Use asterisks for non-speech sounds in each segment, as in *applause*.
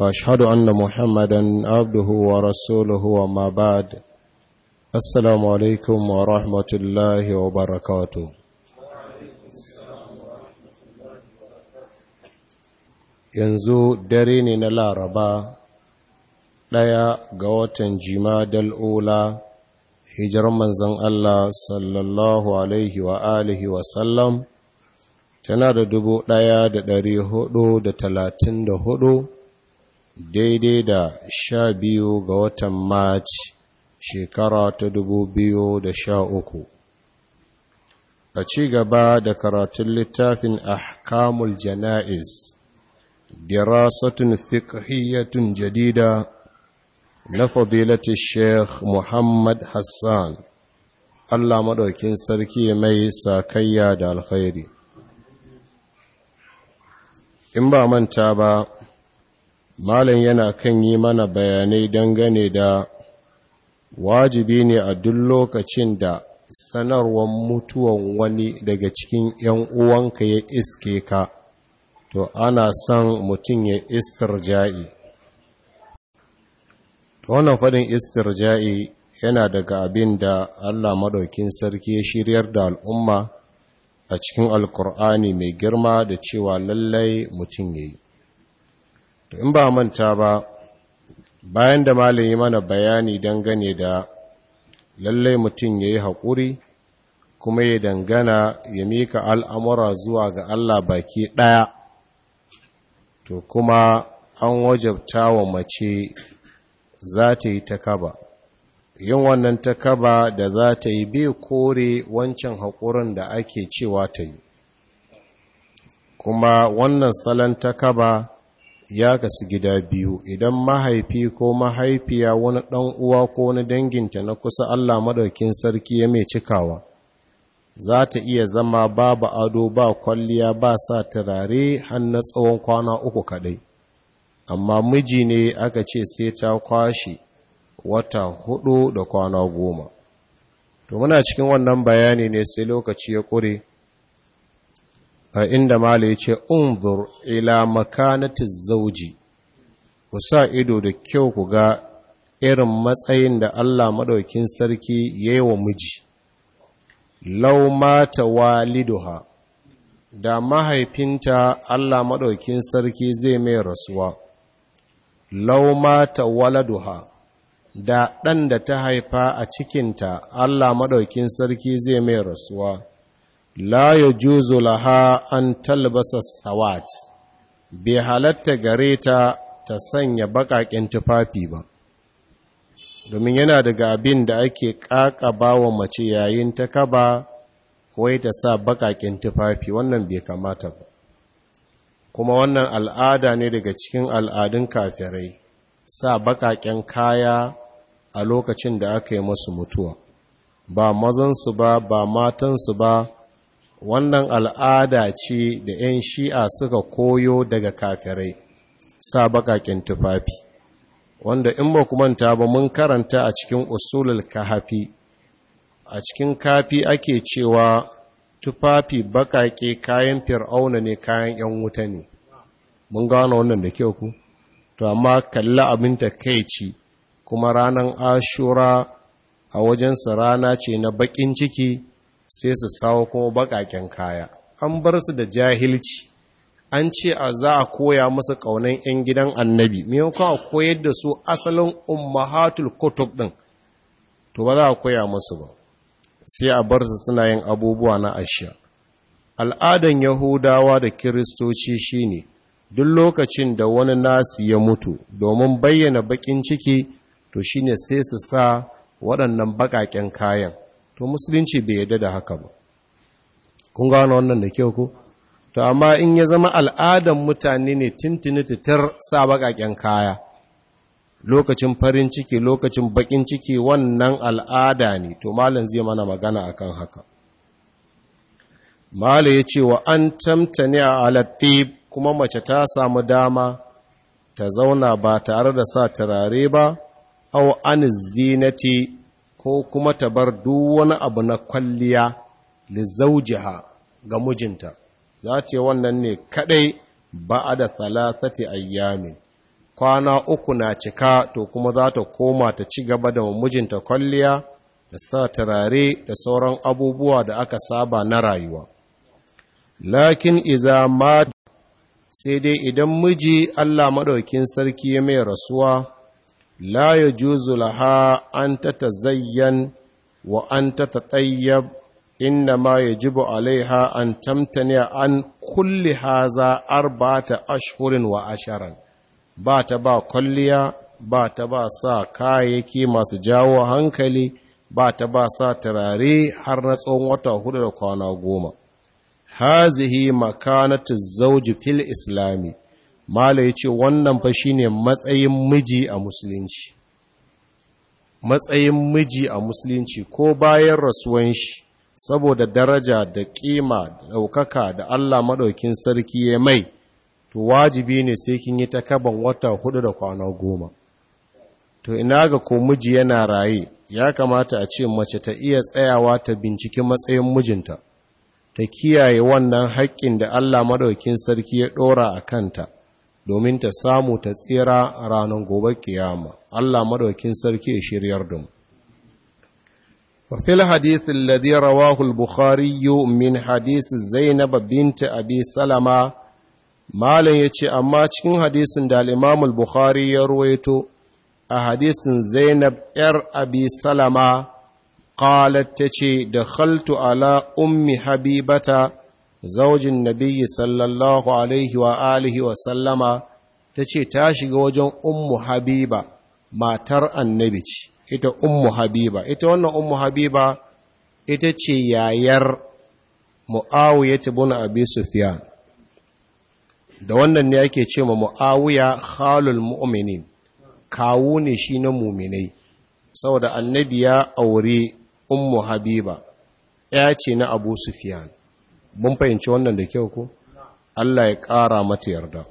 واشهد ان محمدا عبده ورسوله وما بعد السلام عليكم ورحمه الله وبركاته yanzu dare ne na laraba ɗaya ga watan jimadal ula hijirar manzan Allah sallallahu alaihi wa alihi wa sallam tana da dubu ɗaya da ɗari hudu da talatin da hudu daidai da sha biyu ga watan march shekara ta dubu biyu da sha uku a ci gaba da karatun littafin ahkamul jana'iz dirasatun fiqhiyyatun jadida na fadilati sheikh muhammad hassan allah maɗaukin sarki mai sakayya da alkhairi in ba manta ba malam yana kan yi mana bayanai dangane da wajibi ne a duk lokacin da sanarwar mutuwan wani daga cikin 'yan uwanka ya iske ka to ana son mutum ya jai. wannan faɗin jai yana daga abin da Allah maɗaukin sarki ya shiryar da al'umma a cikin alkur'ani mai girma da cewa lallai mutum ya yi to in ba manta ba bayan da malami mana bayani dangane da lallai mutum ya yi haƙuri kuma ya dangana ya mika al'amura zuwa ga Allah baki ɗaya to kuma an wajabta wa mace za ta yi takaba yin wannan takaba da za ta yi bai kore wancan haƙurin da ake cewa ta yi kuma wannan salon takaba ya kasu gida biyu idan mahaifi ko mahaifiya wani ɗan uwa ko wani danginta na kusa Allah madaukin sarki ya mai cikawa za ta iya zama babu ado ba kwalliya ba sa turare har na tsawon kwana uku kadai amma miji ne aka ce sai ta kwashe wata hudu da kwana goma to muna cikin wannan bayani ne sai lokaci ya ƙure a inda mala ya ce umbur ila makanatiz zauji ku sa ido da kyau ku ga irin matsayin da Allah maɗaukin sarki ya yi wa miji Laumata mata waliduha da mahaifinta Allah maɗaukin sarki zai mai rasuwa Laumata mata waladuha da ɗan da ta haifa a cikinta Allah maɗaukin sarki zai mai rasuwa la ya juzo laha an talbasa sawat bai halatta gare ta ta sanya baƙaƙen tufafi ba domin yana daga abin da ake ƙaƙaba wa mace yayin ta kaba wai ta sa baƙaƙen tufafi wannan bai kamata ba kuma wannan al'ada ne daga cikin al'adun kafirai sa baƙaƙen kaya a lokacin da aka yi masu mutuwa ba mazansu ba ba matansu ba wannan al'ada ce da 'yan shi'a suka koyo daga kafirai sa baƙaƙen tufafi wanda in ba manta ba mun karanta a cikin usulul kahafi a cikin kafi ake cewa tufafi baƙaƙe kayan fir'auna ne kayan 'yan wuta ne mun gano wannan da kyau ku to amma kalla abin ta kai ci kuma ranar ashura a wajensa rana ce na bakin ciki sai su sawo kuma baƙaƙen kaya an bar su da jahilci an ce a za a koya musu ƙaunan 'yan gidan annabi maimakon a koyar da su asalin ummahatul kutub ɗin to ba za a koya musu ba sai a bar su suna yin abubuwa na asha al'adan yahudawa da kiristoci shine duk lokacin da wani nasi ya mutu domin bayyana bakin ciki to shine sai su sa waɗannan baƙaƙen kayan to musulunci bai yadda da haka ba kun gano wannan da kyau ko to amma in ya zama al'adan mutane ne tintini titar sa baƙaƙen kaya lokacin farin ciki lokacin bakin ciki wannan al'ada ne to malam zai mana magana akan haka malam ya ce wa an tamtani a alattib kuma mace ta samu dama ta zauna ba tare da sa turare ba au an zinati ko kuma ta bar duk wani abu na kwalliya lizaujiha ga mijinta za ce wannan ne kadai ba'a da thalathati ayyamin kwana uku na cika to kuma za ta koma ta ci gaba da mijinta kwalliya da sa turare da sauran abubuwa da aka saba na rayuwa lakin iza ma sai dai idan miji Allah maɗaukin sarki ya mai rasuwa la ya juzu an ta tazayyan wa an ta tatayyab inna ma ya jibu alaiha an tamtani an kulli haza arba'ata ashhurin wa asharan ba ta ba kwalliya ba ta ba sa kayayyaki masu jawo hankali ba ta ba sa turare har na tsawon wata hudu da kwana goma hazihi makanatu zauji fil islami mala ya ce wannan fa shi matsayin miji a musulunci matsayin miji a musulunci ko bayan rasuwan shi saboda daraja da ƙima ɗaukaka da Allah maɗaukin sarki ya mai to wajibi ne sai kin yi ta kaban wata hudu da kwana goma to ina ga ko miji yana raye ya kamata a ce mace ta iya tsayawa ta binciki matsayin mijinta ta kiyaye wannan haƙƙin da Allah maɗaukin sarki ya ɗora a kanta domin ta samu ta tsira ranar gobe kiyama Allah madaukin sarki ya shiryar da mu ففي الحديث الذي رواه البخاري min حديث zainab بنت أبي سلمة ما amma cikin hadisin da al-Imam al-Bukhari ya ruwaito a hadisin Zainab ‘yar Abi Salama, ƙalat ta ce, Da ala ummi habibata, zaujin nabiyyi sallallahu alaihi wa alihi wa sallama ta ce ta shiga wajen ummu habiba matar annabi ita ummu habiba ita wannan ummu habiba ita ce yayar mu'awiyah ibn abi sufyan da wannan ne ake ce ma mu'awiya khalul mu'minin kawu ne shi na muminai saboda annabi ya aure ummu habiba ya ce na abu sufyan mun fahimci wannan da kyau ko Allah ya ƙara mata yarda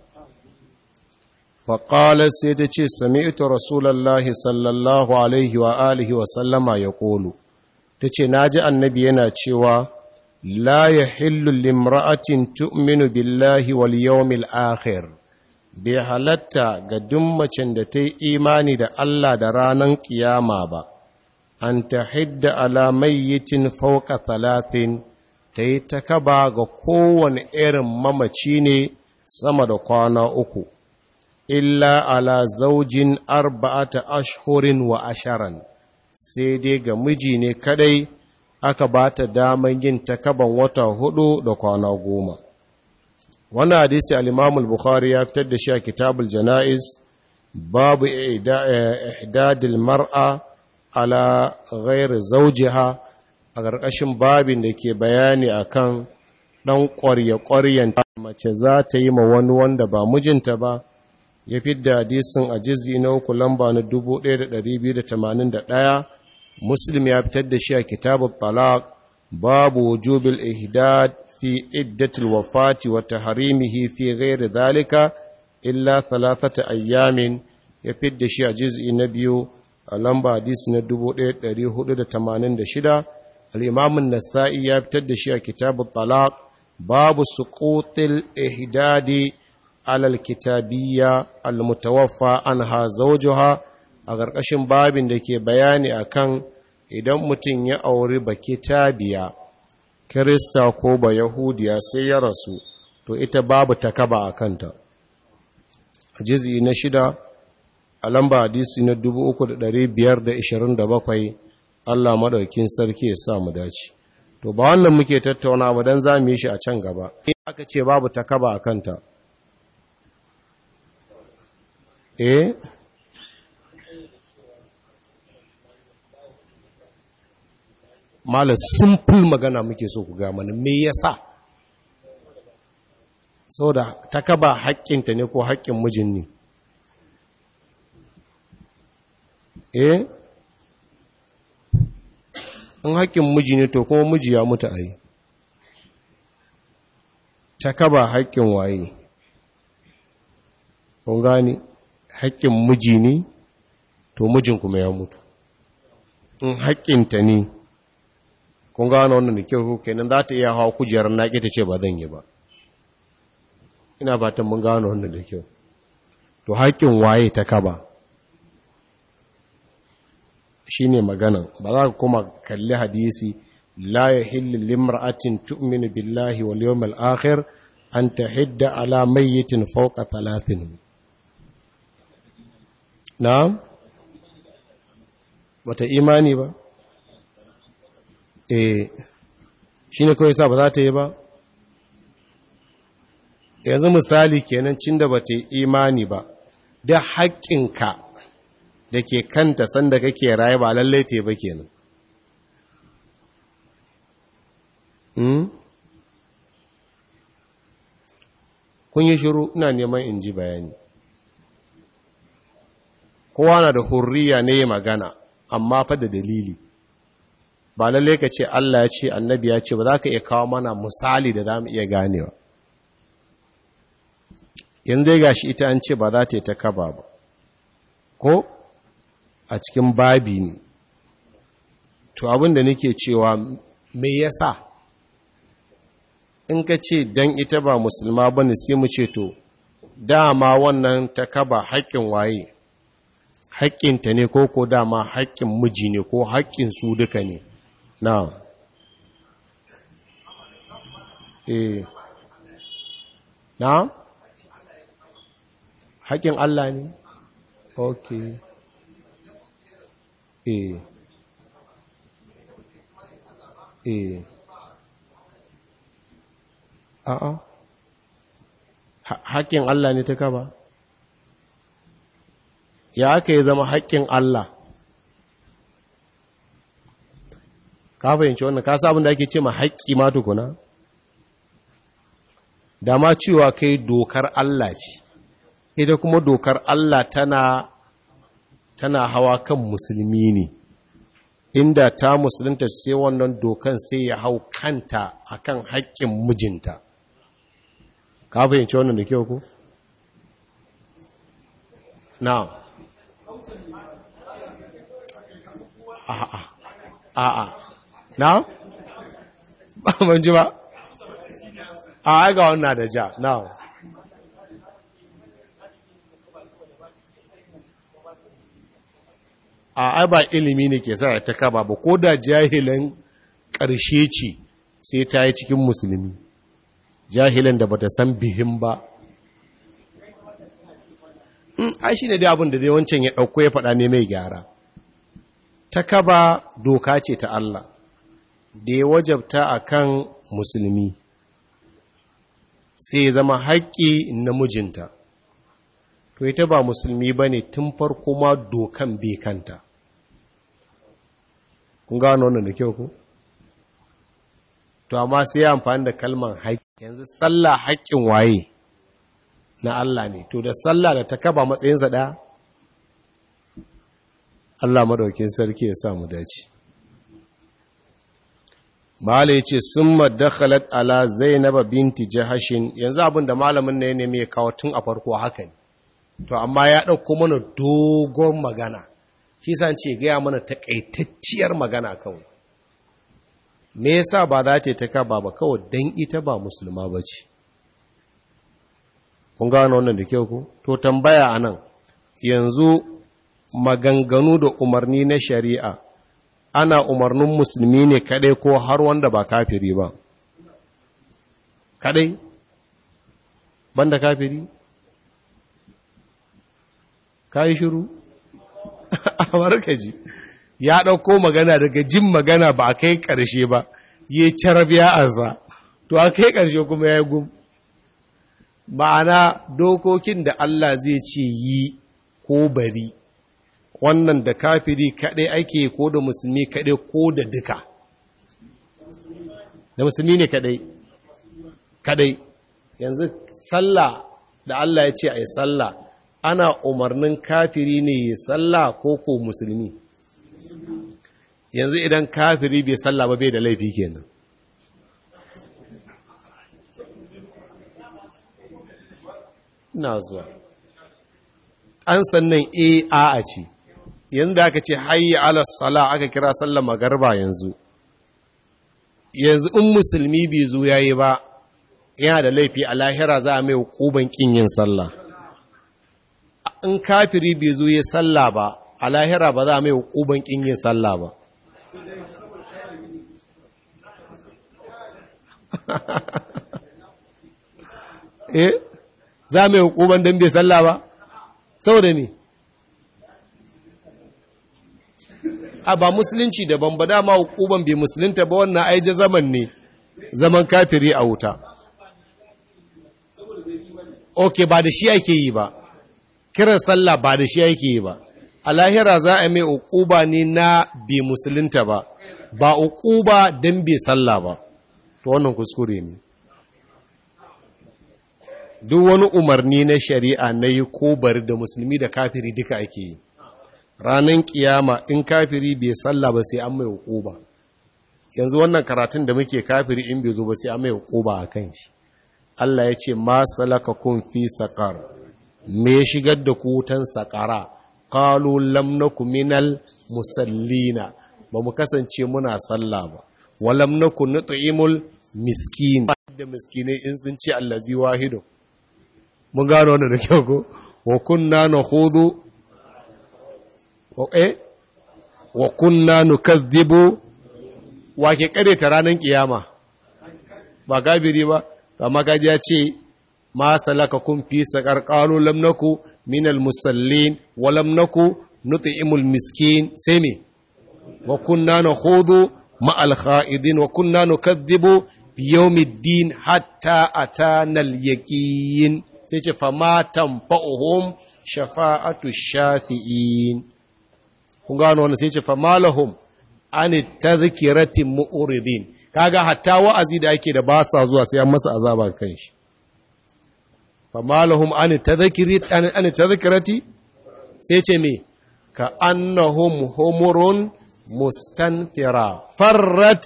faƙalar sai ta ce sami ita rasulallah sallallahu alaihi wa alihi wa sallama ya ƙolu ta ce na ji annabi yana cewa la ya hillu limra'atin tu'minu billahi wal yawmil akhir bai halatta ga dummacin da ta yi imani da Allah da ranar ƙiyama ba an ta hidda ala mayyitin fauka talatin ta yi ta kaba ga kowane irin mamaci ne sama da kwana uku, illa ala zaujin arba'ata ashhurin wa asharan, sai dai ga miji ne kadai aka ba ta daman yin takaban wata hudu da kwana goma. Wannan hadisi Alimamul bukhari ya fitar da shi a kitabul jana'iz, babu ihdadil eh, mar'a ala ghairi zaujiha a ƙarƙashin babin da ke bayani a kan ɗan ƙwarya-ƙwaryan mace za ta yi ma wani wanda ba mijinta ba ya fidda hadisin a jizi na uku lamba na 1281 muslim ya fitar da shi a kitabun talaq babu wujubil ihdad fi iddatil wafati wa tahrimihi fi ghairi zalika, illa thalathata ayyamin ya fidda shi a jizi na biyu a lamba hadis na 1486 al'imamun nasa'i ya fitar da shi a kitabun talaq babu su ƙotil ihdadi alal kitabiya almutawaffa an ha a ƙarƙashin babin da ke bayani akan idan mutum ya auri ba kitabiya kirista ko ba yahudiya sai ya rasu to ita babu takaba a kanta a jizi na shida a lamba hadisi na 3527 Allah madaukin sarki ya sa mu dace to ba wannan muke tattauna ba dan zamu yi shi a can gaba aka ce babu takaba a kanta eh mala simple magana muke so ku ga mana me yasa saboda takaba haƙƙin haƙƙinta ne ko haƙƙin mijin ne eh in haƙƙin miji ne to kuma miji ya mutu a yi ta kaba haƙƙin waye kun gani haƙƙin miji ne to mijin kuma ya mutu in haƙƙinta ne kun gano wannan da kyau kenan za ta iya hawa kujerar naƙi ta ce ba zan yi ba ina fatan mun gano wannan da kyau to haƙƙin waye ta kaba shine maganan ba za ka koma kalli hadisi la yahillu limra'atin tu'minu billahi wal yawmil akhir an tahidda ala mayyitin fawqa talatin. na'am wata imani ba eh shine kawai sa ba za ta yi ba yanzu misali kenan cin da ba ta yi imani ba da haƙƙinka da ke kanta sanda kake raye ba lallai te ba kenan hmm? kun yi shiru ina neman in ji bayani kowa na da hurriya ne magana amma fa da dalili ba lallai ka ce Allah ya ce annabi ya ce ba za ka iya kawo mana misali da za mu iya ganewa yanzu dai gashi ita an ce ba za ta yi ta kaba ba ko a cikin babi ne to abinda nake cewa me yasa in ka ce dan ita ba musulma ba bane sai mu ce to dama wannan ta kaba haƙƙin waye haƙƙinta ne ko ko dama haƙƙin miji ne ko haƙƙin su duka ne na eh na haƙƙin Allah ne okay. eh eh a'a haƙƙin Allah ne ta kaba ya aka yi zama haƙƙin Allah ka fahimci wannan ka sabon da ake ce ma haƙƙi ma tukuna da ma cewa kai dokar Allah ce ita kuma dokar Allah tana tana hawa kan musulmi ne inda ta musulunta sai wannan dokan sai ya hau kanta akan haƙƙin mijinta ka fahimci wannan da kyau ku na a'a a'a na *laughs* ba mun ji ba a ga wannan da ja na a ba ilimi ne ke sa ta kaba ba ko da jahilan ƙarshe ce sai ta yi cikin musulmi jahilan da bata san bihin ba mm, a shi ne dai abin da wancan ya ɗauko ya faɗa ne mai gyara ta kaba doka ce ta Allah da ya wajabta a kan musulmi sai ya zama haƙƙi namijinta to ita ba musulmi ba ne tun farko ma dokan bekanta kun gano wannan da kyau ku to amma sai ya amfani da kalman haƙƙi yanzu sallah haƙƙin waye na Allah ne to da sallah da ta kaba matsayinsa ɗaya Allah maɗaukin sarki ya sa mu dace ya ce sun madakhalat ala Zainaba binti Jahashin yanzu abin da malamin ya nemi ya kawo tun a farko haka ne to amma ya ɗauko mana dogon magana shi san ce gaya mana takaitacciyar magana kawai me yasa ba za ta ta kaba ba kawai dan ita ba musulma ba ce kun gano wannan da kyau ku to tambaya a nan, yanzu maganganu da umarni na shari'a ana umarnin musulmi ne kadai ko har wanda ba kafiri ba kadai banda kafiri ka yi shiru Amurka *laughs* ji ya ɗauko magana daga jin magana ba a kai ƙarshe ba ya yi carab ya arza to a kai ƙarshe kuma ya yi gum ma'ana dokokin da Allah zai ce yi ko bari wannan da kafiri kaɗai ake ko da musulmi kaɗai ko da duka da musulmi ne kaɗai kaɗai yanzu sallah da Allah ya ce a yi sallah ana umarnin kafiri ne ya salla ko ko musulmi yanzu idan kafiri bai salla ba bai da laifi kenan na zuwa an sannan a a ce yanzu da aka ce hayi ala sala aka kira sallar magarba yanzu yanzu in musulmi bai zo yayi ba yana da laifi a lahira za a mai hukuban kin yin sallah in kafiri bai zo ya sallah ba a lahira ba za mai hukuban kin yin sallah ba *laughs* eh za mai hukuban don bai sallah ba saboda ni. a ba musulunci daban ba dama hukuban bai musulunta ba wannan aije zaman ne zaman kafiri a wuta ok ba da shi ake yi ba kiran sallah ba da shi yake yi ba a lahira za a mai uquba ne na bi musulunta ba ba uquba dan bai sallah ba to wannan kuskure ne duk wani umarni na shari'a na yi ko bari da musulmi da kafiri duka ake yi ranar kiyama in kafiri bai sallah ba sai an mai ba, yanzu wannan karatun da muke kafiri in bai zo ba sai an mai hukuba a kan shi Allah ya ce ma salaka kun fi sakar me shigar da kutan sakara qalu lam minal musallina ba mu kasance muna sallah ba wa lam nakum nut'imul miskin da miskinai in sun ci allazi wahidu mun gano wannan da kyau ko wa kunna nakhudu ok eh? wa kunna nukadhibu wa ke kare ta ranan kiyama ba gabiri ba amma kaji ce ma salakakum fi saqar qalu lam naku minal musallin wa lam naku nut'imul miskin sai me wa kunna hudu ma al kha'idin wa kunna nukadhibu bi yawmiddin hatta a al yaqin sai ce fama tanfa'uhum shafa'atu shafi'in kun gano wani sai ce fama lahum an tadhkiratin mu'ridin kaga hatta wa'azi da ake da ba sa zuwa sai an masa azaba kanshi. fa malahum an tadhkirati sai ce me ka annahum humurun mustanfira farrat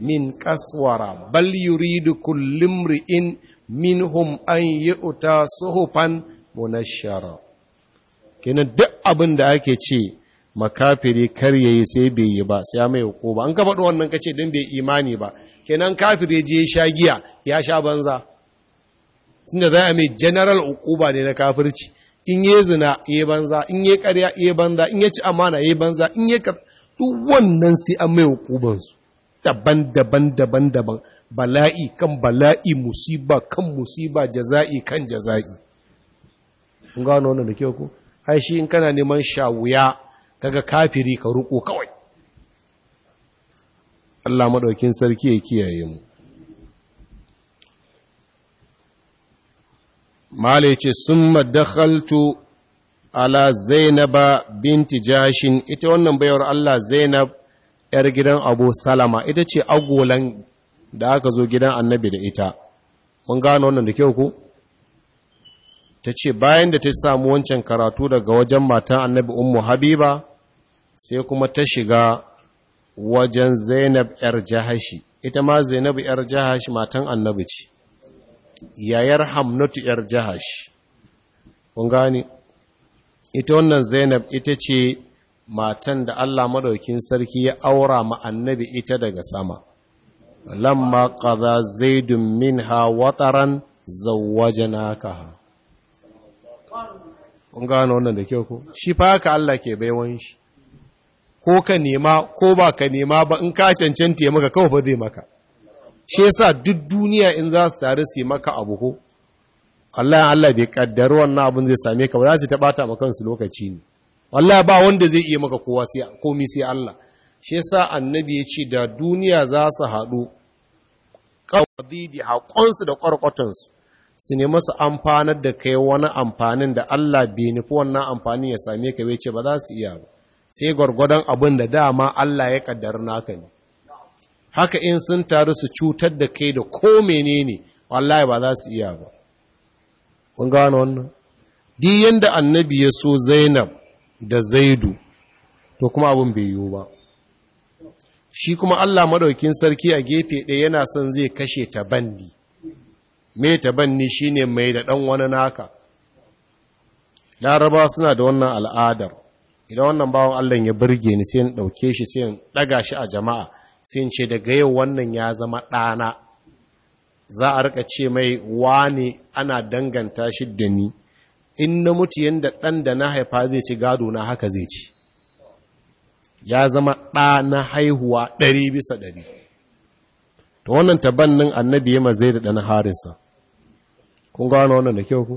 min kaswara bal yuridu kullimri'in minhum an yu'ta suhufan munashshara kenan duk abin da ake ce makafiri kar yayi sai bai yi ba sai mai hukuma an ka faɗi wannan kace dan bai imani ba kenan kafiri je sha giya ya sha banza tunda za a mai general ukuba ne na kafirci in yi zina iya banza in yi karya iya banza in yi ci amana iya banza in yi ka duk wannan sai an mai hukubansu daban daban daban daban bala'i kan bala'i musiba kan musiba jaza'i kan jaza'i kun gano wannan da kyau ku ai shi in kana neman shawuya kaga kafiri ka ruko kawai Allah madaukin sarki ya kiyaye mu Malai ce, Sun madakhaltu ala Zainaba binti jashin, ita wannan bayar Allah Zainab ‘yar gidan Abu Salama, ita ce agolan da aka zo gidan annabi da ita. Mun gano wannan da kyau ku? Ta ce, bayan da ta samu wancan karatu daga wajen matan annabi Ummu Habiba, sai kuma ta shiga wajen Zainab ‘yar jahashi, ita ma Zainab ‘yar jahashi matan annabi ce. yayar hamnatu ‘yar jahash kun gani ita wannan zainab ita ce matan da Allah madaukin sarki ya aura ma annabi ita daga sama lamma ƙaza zaidun minha wataran zawwajanakaha kun gani wannan da kyau ko shi fa haka Allah ke baiwan shi ko ka nema ko ba ka nema ba in ka cancanta maka kawai ba zai maka shi yasa duk duniya in za su tare su yi maka abu ko Allah Allah bai kaddara wannan abin zai same ka ba za su ta bata maka kansu lokaci ne wallahi ba wanda zai iya maka kowa sai komai sai Allah shi yasa annabi ya ce da duniya za su haɗu qadidi haƙonsu da ƙwarƙwatansu su ne masu amfanar da kai wani amfanin da Allah bai nufi wannan amfanin ya same ka bai ce ba za su iya ba sai gwargwadon abin da dama Allah ya kaddara naka ne haka in sun taru su cutar da kai da ko menene wallahi ba za su iya ba kun gano wannan di yanda annabi ya so zainab da zaidu to kuma abin bai yiwu ba shi kuma allah maɗaukin sarki a gefe ɗaya yana son zai kashe tabanni mai tabanni shine mai da ɗan wani naka laraba suna da wannan al'adar idan wannan bawan allah ya burge ni sai in ɗauke shi sai in ɗaga shi a jama'a sai ce daga yau wannan ya zama ɗana za a rika ce mai wa ne? ana danganta shi da ni in na mutu yadda ɗan da na haifa zai ci gado na haka zai ci ya zama ɗana haihuwa ɗari bisa ɗari ta wannan tabannin annabi yamma zai da ɗana harinsa kun gano wannan da kyau ku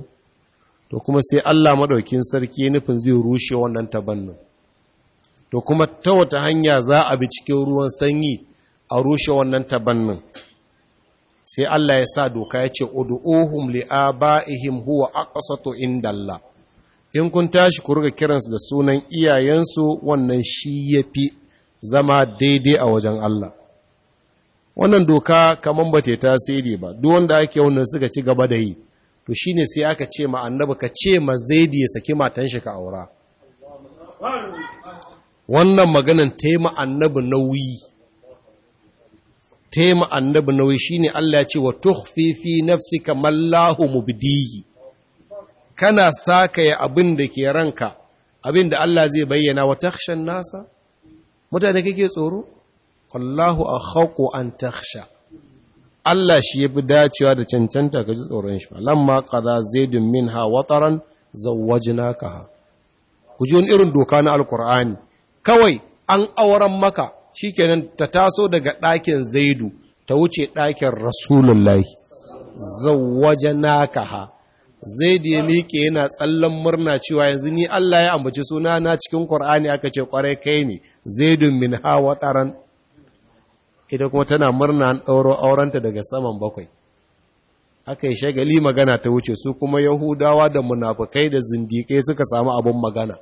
to kuma sai allah maɗaukin sarki nufin zai rushe wannan tabannin to kuma ta wata hanya za a bi cikin ruwan sanyi a rushe wannan tabannin sai Allah ya sa doka ya ce a li'aba'ihim huwa aqsatu indallah in kun tashi ku riga kiransu da sunan iyayensu wannan shi yafi zama daidai a wajen Allah wannan doka kamar ba ta tasiri ba duk wanda ake wannan suka ci gaba da yi to shine sai aka ce ma annabi ka ce ma zaidi ya saki matan shi ka aura wannan maganan taima annabi nauyi taima annabi nauyi shine Allah ya ce wa tukhfi fi nafsika mallahu mubdihi kana sakaya abin da ke ranka abin da Allah zai bayyana wa takhshan nasa mutane kake tsoro wallahu akhaqu an takhsha Allah shi ya fi dacewa da cancanta ka ji tsoron shi lamma qada zaidun minha wataran zawwajnaka ku ji wani irin doka na alqur'ani kawai an auren maka shi shikenan ta taso daga ɗakin zaidu ta wuce ɗakin rasulullahi zawwajanaka ha zaidu ya miƙe yana tsallan murna cewa yanzu ni Allah ya ambaci suna na cikin ƙwar'ani aka ce ƙwarai kai ne zaidun min hawa taran ita kuma tana murna an ɗauro aurenta daga saman bakwai aka yi shagali magana ta wuce su kuma yahudawa da munafukai da zindikai suka samu abin magana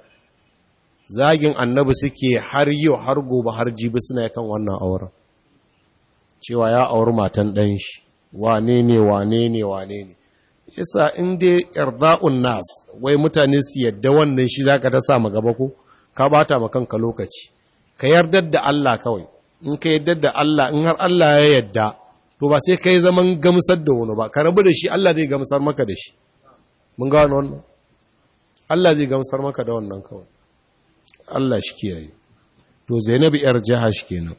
zagin annabi suke har yau har gobe har jibi suna kan wannan auren cewa ya auri matan ɗan shi wane ne wane ne wane ne yasa in dai irda'un nas wai mutane su yadda wannan shi zaka ta sa gaba ko ka bata ma kanka lokaci ka yarda da Allah kawai in ka yarda da Allah in har Allah ya yarda to ba sai kai zaman gamsar da wani ba ka rabu da shi Allah zai gamsar maka da shi mun gano wannan Allah zai gamsar maka da wannan kawai Allah shi ke yi. to Zainab yar Jahash kenan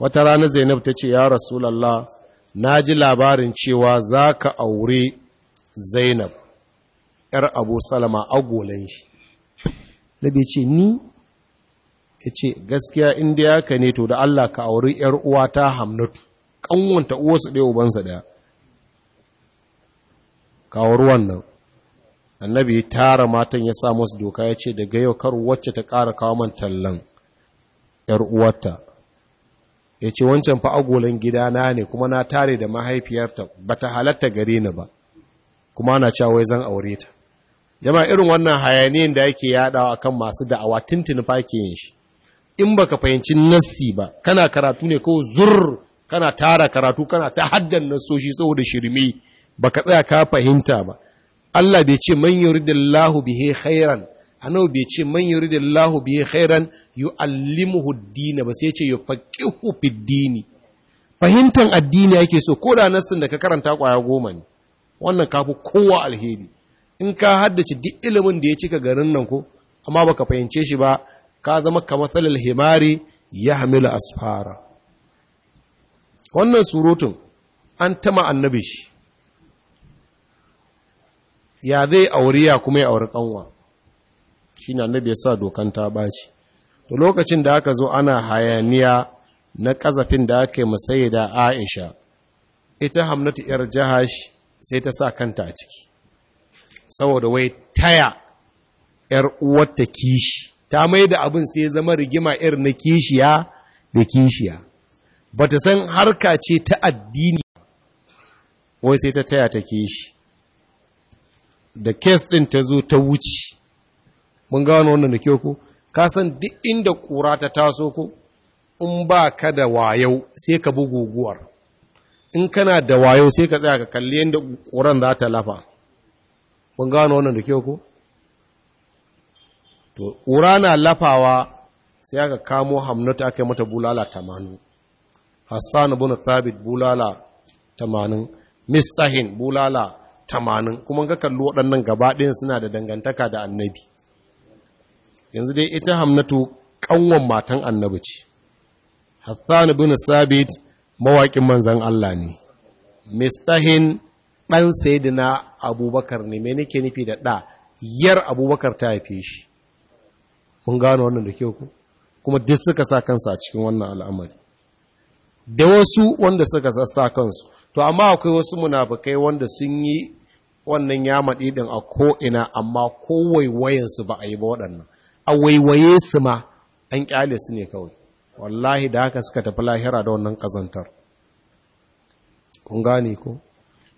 wata rana Zainab ta ce ya Rasulullah na ji labarin cewa za ka aure Zainab yar Abu Salama a golan shi Nabi ce ni ya ce gaskiya in ya ka ne to da Allah ka auri yar uwa ta Hamnatu kanwanta uwarsa ɗaya ubansa ɗaya ka wannan annabi ya tara matan ya sa masu doka ya ce daga yau kar wacce ta ƙara kawo man tallan ‘yar uwarta ya ce wancan fa agolan gidana ne kuma na tare da mahaifiyarta ba ta halatta gare ni ba kuma na cewa wai zan aure ta jama irin wannan hayaniyan da ake yadawa kan masu da'awa tuntuni fa ke yin shi in baka fahimci nassi ba kana karatu ne ko zur kana tara karatu kana ta haddan nassoshi saboda shirme baka tsaya ka fahimta ba Allah bai ce man yuridillahu bihi khairan annabi bai ce man yuridillahu bihi khairan yu'allimuhu ad-din ba sai ya ce yufaqihu fid-din fahimtan addini yake so ko da nassin da ka karanta kwaya goma ne wannan ka fi kowa alheri in ka haddace duk ilimin da ya cika garin nan ko amma baka fahimce shi ba ka zama kamar tsalil himari ya hamila asfara wannan surutun an tama annabi shi ya zai auriya kuma ya auri kanwa shi na annabi ya sa dokan ta ɓaci to lokacin da aka zo ana hayaniya na ƙazafin da aka yi musayi da aisha ita hamnatu yar jahash sai ta sa kanta a ciki saboda wai taya yar uwarta kishi ta mai da abin sai zama rigima irin na kishiya da kishiya ba ta san harka ce ta addini wai sai ta taya ta kishi da kes ɗin ta zo ta wuce mun gano wannan da kyau ko ka san duk inda ƙura ta taso ko in ba ka da wayau sai ka bi guguwar in kana da wayo sai ka tsaya ka kalli yadda ƙuran za ta lafa mun gano wannan da kyau ko to ƙura na lafawa sai aka kamo hamnata aka yi mata bulala tamanin hassan ibn thabit bulala tamanin mistahin bulala tamanin kuma ga kalli waɗannan gabaɗin suna da dangantaka da annabi yanzu dai ita hamnatu ƙanwon matan annabi ce hassan bin sabit mawaƙin manzan Allah ne mistahin ɗan sayidina abubakar ne mai nake nufi da ɗa yar abubakar ta haife shi mun gano wannan da kyau kuma duk suka sa kansa a cikin wannan al'amari da wasu wanda suka sa kansu to amma akwai wasu munafukai wanda sun yi wannan ya maɗi ɗin a ko'ina amma ko waiwayensu ba a yi ba waɗannan a waiwaye su ma an ƙyale su ne kawai wallahi da haka suka tafi lahira da wannan ƙazantar kun gane ko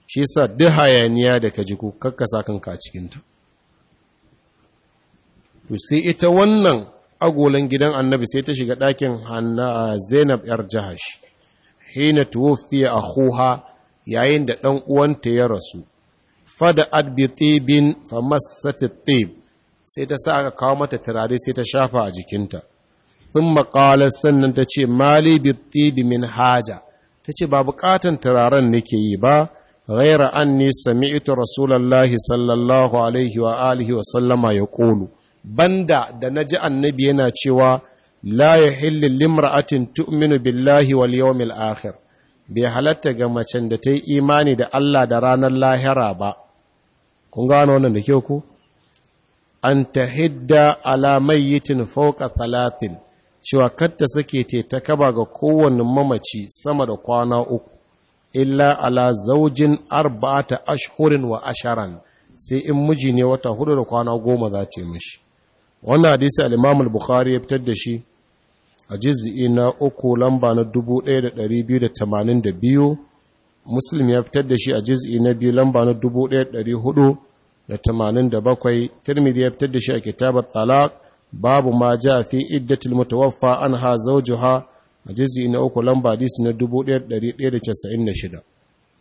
shi sa duk hayaniya da ka ji ko kakkasa kanka a cikinta to sai ita wannan agolan gidan annabi sai ta shiga ɗakin hanna ah, zainab yar jahash hina tuwofiya a yayin da ɗan uwanta ya rasu fada'at bi tibin famassat tib sai ta sa aka kawo mata turare sai ta shafa a jikinta sun maƙalar sannan ta ce mali bi min haja ta ce ba buƙatan turaren nake yi ba raira an sami'tu rasulallahi sallallahu alaihi wa alihi wa sallama ya ƙolu banda da na ji annabi yana cewa la ya limra'atin tu'minu billahi wal yawmil akhir bai halatta ga macen da ta yi imani da Allah da ranar lahira ba kun gano wannan da kyau ku an tahidda ala mayyitin fawqa thalathin cewa katta suke te ta kaba ga kowanne mamaci sama da kwana uku illa ala zaujin arba'ata ashhurin wa asharan sai in miji ne wata hudu da kwana goma za ta yi mishi wannan hadisi al-Imam al-Bukhari ya fitar da shi a juz'i na uku lamba na 1282 muslim ya fitar da shi a juz'i na biyu lamba na 1487 tirmidhi ya fitar da shi a kitabar talaq babu ma ja fi iddatul mutawaffa anha zawjuha a juz'i na uku lamba hadisi na 1196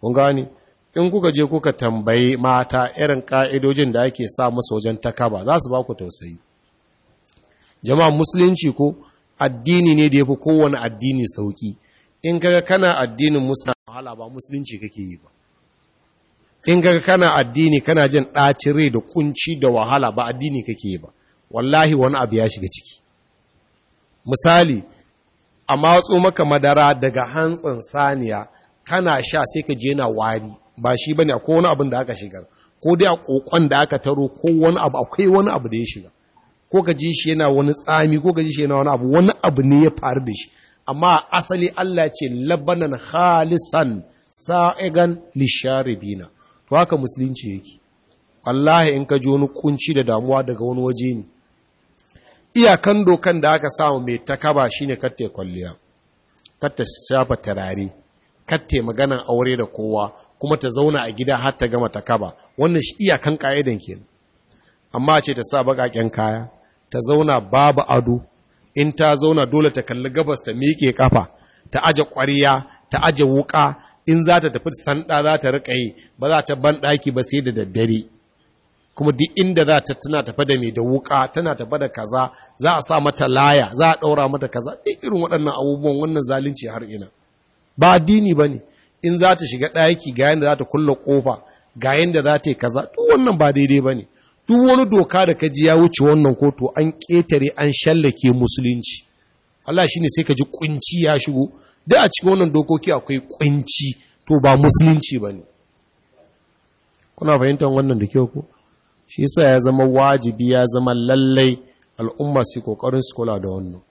kun gani in kuka je kuka tambayi mata irin ka'idojin da ake sa musu wajen takaba za su ba ku tausayi jama'a musulunci ko addini ne da yafi kowane addini sauki in kaga kana addinin musulunci wahala ba musulunci kake yi ba in kaga kana addini kana jin ɗaci rai da kunci da wahala ba addini kake yi ba wallahi wani abu ya shiga ciki misali a matso maka madara daga hantsin saniya kana sha sai ka je na wari ba shi bane ko wani abin da aka shigar ko dai a kokon da aka taro ko wani abu akwai wani abu da ya shiga ko ka ji shi yana wani tsami ko ka ji shi yana wani abu wani abu ne ya faru da shi amma asali Allah ce labanan halisan sa'igan lisharibina to haka musulunci yake wallahi in ka ji wani kunci da damuwa daga wani waje ne iyakan dokan da aka samu mai takaba shine katte kwalliya katta shafa tarare katte maganan aure da kowa kuma ta zauna a gida har ta gama takaba wannan shi iyakan ka'idan kenan amma ce ta sa baƙaƙen kaya ta zauna babu ado in ta zauna dole ta kalli gabas ta miƙe kafa ta aje ƙwariya ta aje wuƙa in za ta tafi sanda za ta riƙa yi ba za ta ban ɗaki ba sai da daddare kuma duk inda za ta tana tafa da mai da wuƙa tana tafa da kaza za a sa mata laya za a ɗaura mata kaza duk irin waɗannan abubuwan wannan zalunci har ina ba addini ba ne in za ta shiga ɗaki ga yadda za ta kulle ƙofa ga yadda za ta yi kaza duk wannan ba daidai ba ne duk wani doka da ka ji ya wuce wannan kotu an ƙetare an shallake musulunci Allah shine sai ka ji kunci ya shigo da a cikin wannan dokoki akwai kunci to ba musulunci ba ne kuna fahimtar wannan da kyau ko shi yasa ya zama wajibi ya zama lallai al'umma su kokarin su kula da wannan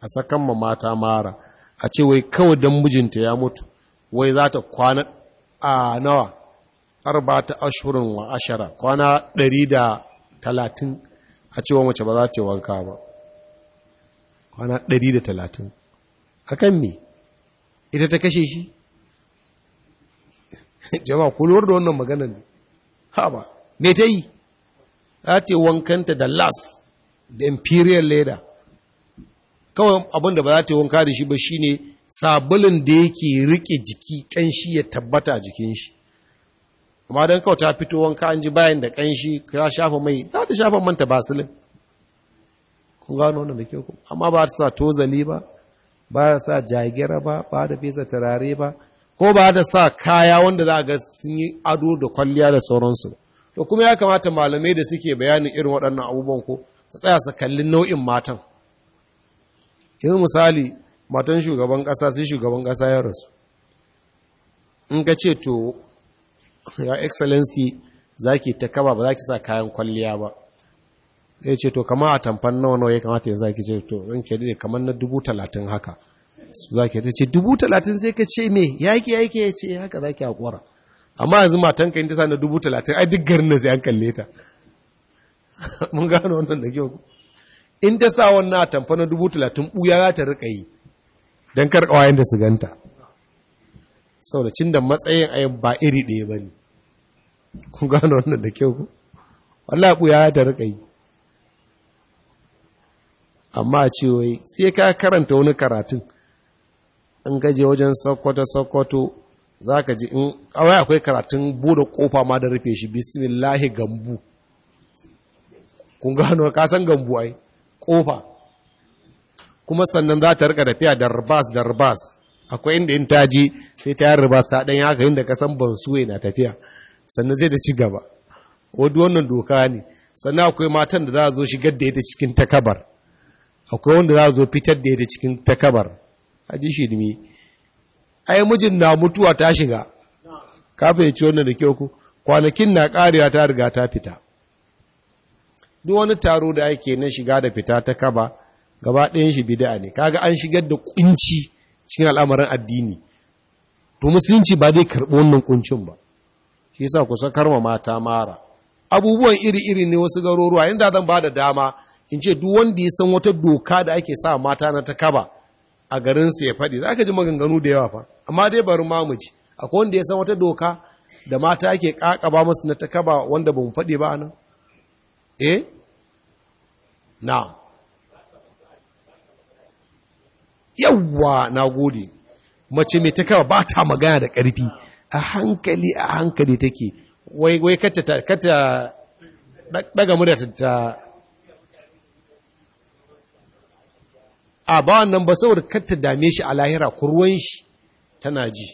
a sakan ma mata mara a ce wai kawai dan mijinta ya mutu wai za ta kwana a nawa arba'ata ashirin wa ashara kwana 130 da talatin a cewa mace ba za ta wanka ba kwana 130 da talatin akan me ita ta kashe shi *laughs* jama kulwar da wannan maganan ne haba me ta yi za ta wankanta da las da imperial leda. kawai abin da ba za ta wanka da shi ba shine sabulin da yake rike jiki kanshi ya tabbata a jikin shi amma don kawai ta fito wanka an ji bayan da ƙanshi ya shafa mai za ta shafa manta basilin kun gano wannan da ke ku amma ba ta sa tozali ba ba ta sa jagira ba ba da fesa turare ba ko ba ta sa kaya wanda za a ga sun yi ado da kwalliya da sauransu to kuma ya kamata malamai da suke bayanin irin waɗannan abubuwan ko su tsaya su kalli nau'in matan yanzu misali matan shugaban ƙasa sai shugaban ƙasa ya rasu in ka ce to ya excellency zaki ta kaba ba zaki sa kayan kwalliya ba ya ce to kama a tamfan nawa nawa ya kamata yanzu zaki ce to in ke ne kamar na dubu talatin haka su zaki ta ce dubu talatin sai ka ce me ya yaki ya ce eh, haka zaki hakura amma yanzu matan ka in ta sa na dubu talatin ai duk garin na sai an kalle ta *laughs* mun gano wannan da kyau in ta sa wannan a tamfa na dubu talatin ɓuya za ta rika yi don wayan da su ganta sau da cin da matsayin ayin ba iri ɗaya ba ne ku gano wannan da kyau ku wallahi buya ta rika yi amma ce wai sai ka karanta wani karatun in gaje wajen sokoto sokoto za ka ji in kawai akwai karatun bude kofa ma da rufe shi bismillahi gambu kun gano ka san gambu ai kofa kuma sannan za ta rika tafiya da ribas da ribas akwai inda in ta ji sai ta yi ribas ta ɗanya ga inda ka san ban suwe na tafiya sannan zai da ci gaba wadda wannan doka ne sannan akwai matan da za a zo shigar da da cikin takabar akwai wanda za a zo fitar da da cikin takabar a ji shirmi ai mijin na mutuwa ta shiga kafin ya ci wannan da kyau ku kwanakin na ƙariya ta riga ta fita duk wani taro da ake na shiga da fita ta kaba gaba ɗayan shi bida ne kaga an shigar da kunci cikin al'amarin addini to musulunci ba zai karɓi wannan kuncin ba shi yasa ku sakar mata mara abubuwan iri-iri ne wasu garuruwa inda zan ba da dama in ce duk wanda ya san wata doka da ake sa mata na ta kaba a garinsa ya faɗi za ka ji maganganu da yawa fa amma dai bari mamuji akwai wanda ya san wata doka da mata ake ba masu na ta kaba wanda ba mu faɗi ba nan eh na yawwa na gode mace mai ta kaba ba ta magana da ƙarfi a hankali a hankali take wai wai kata kata daga mu da ta a ba wannan ba saboda kata dame shi a lahira ku ruwan shi tana ji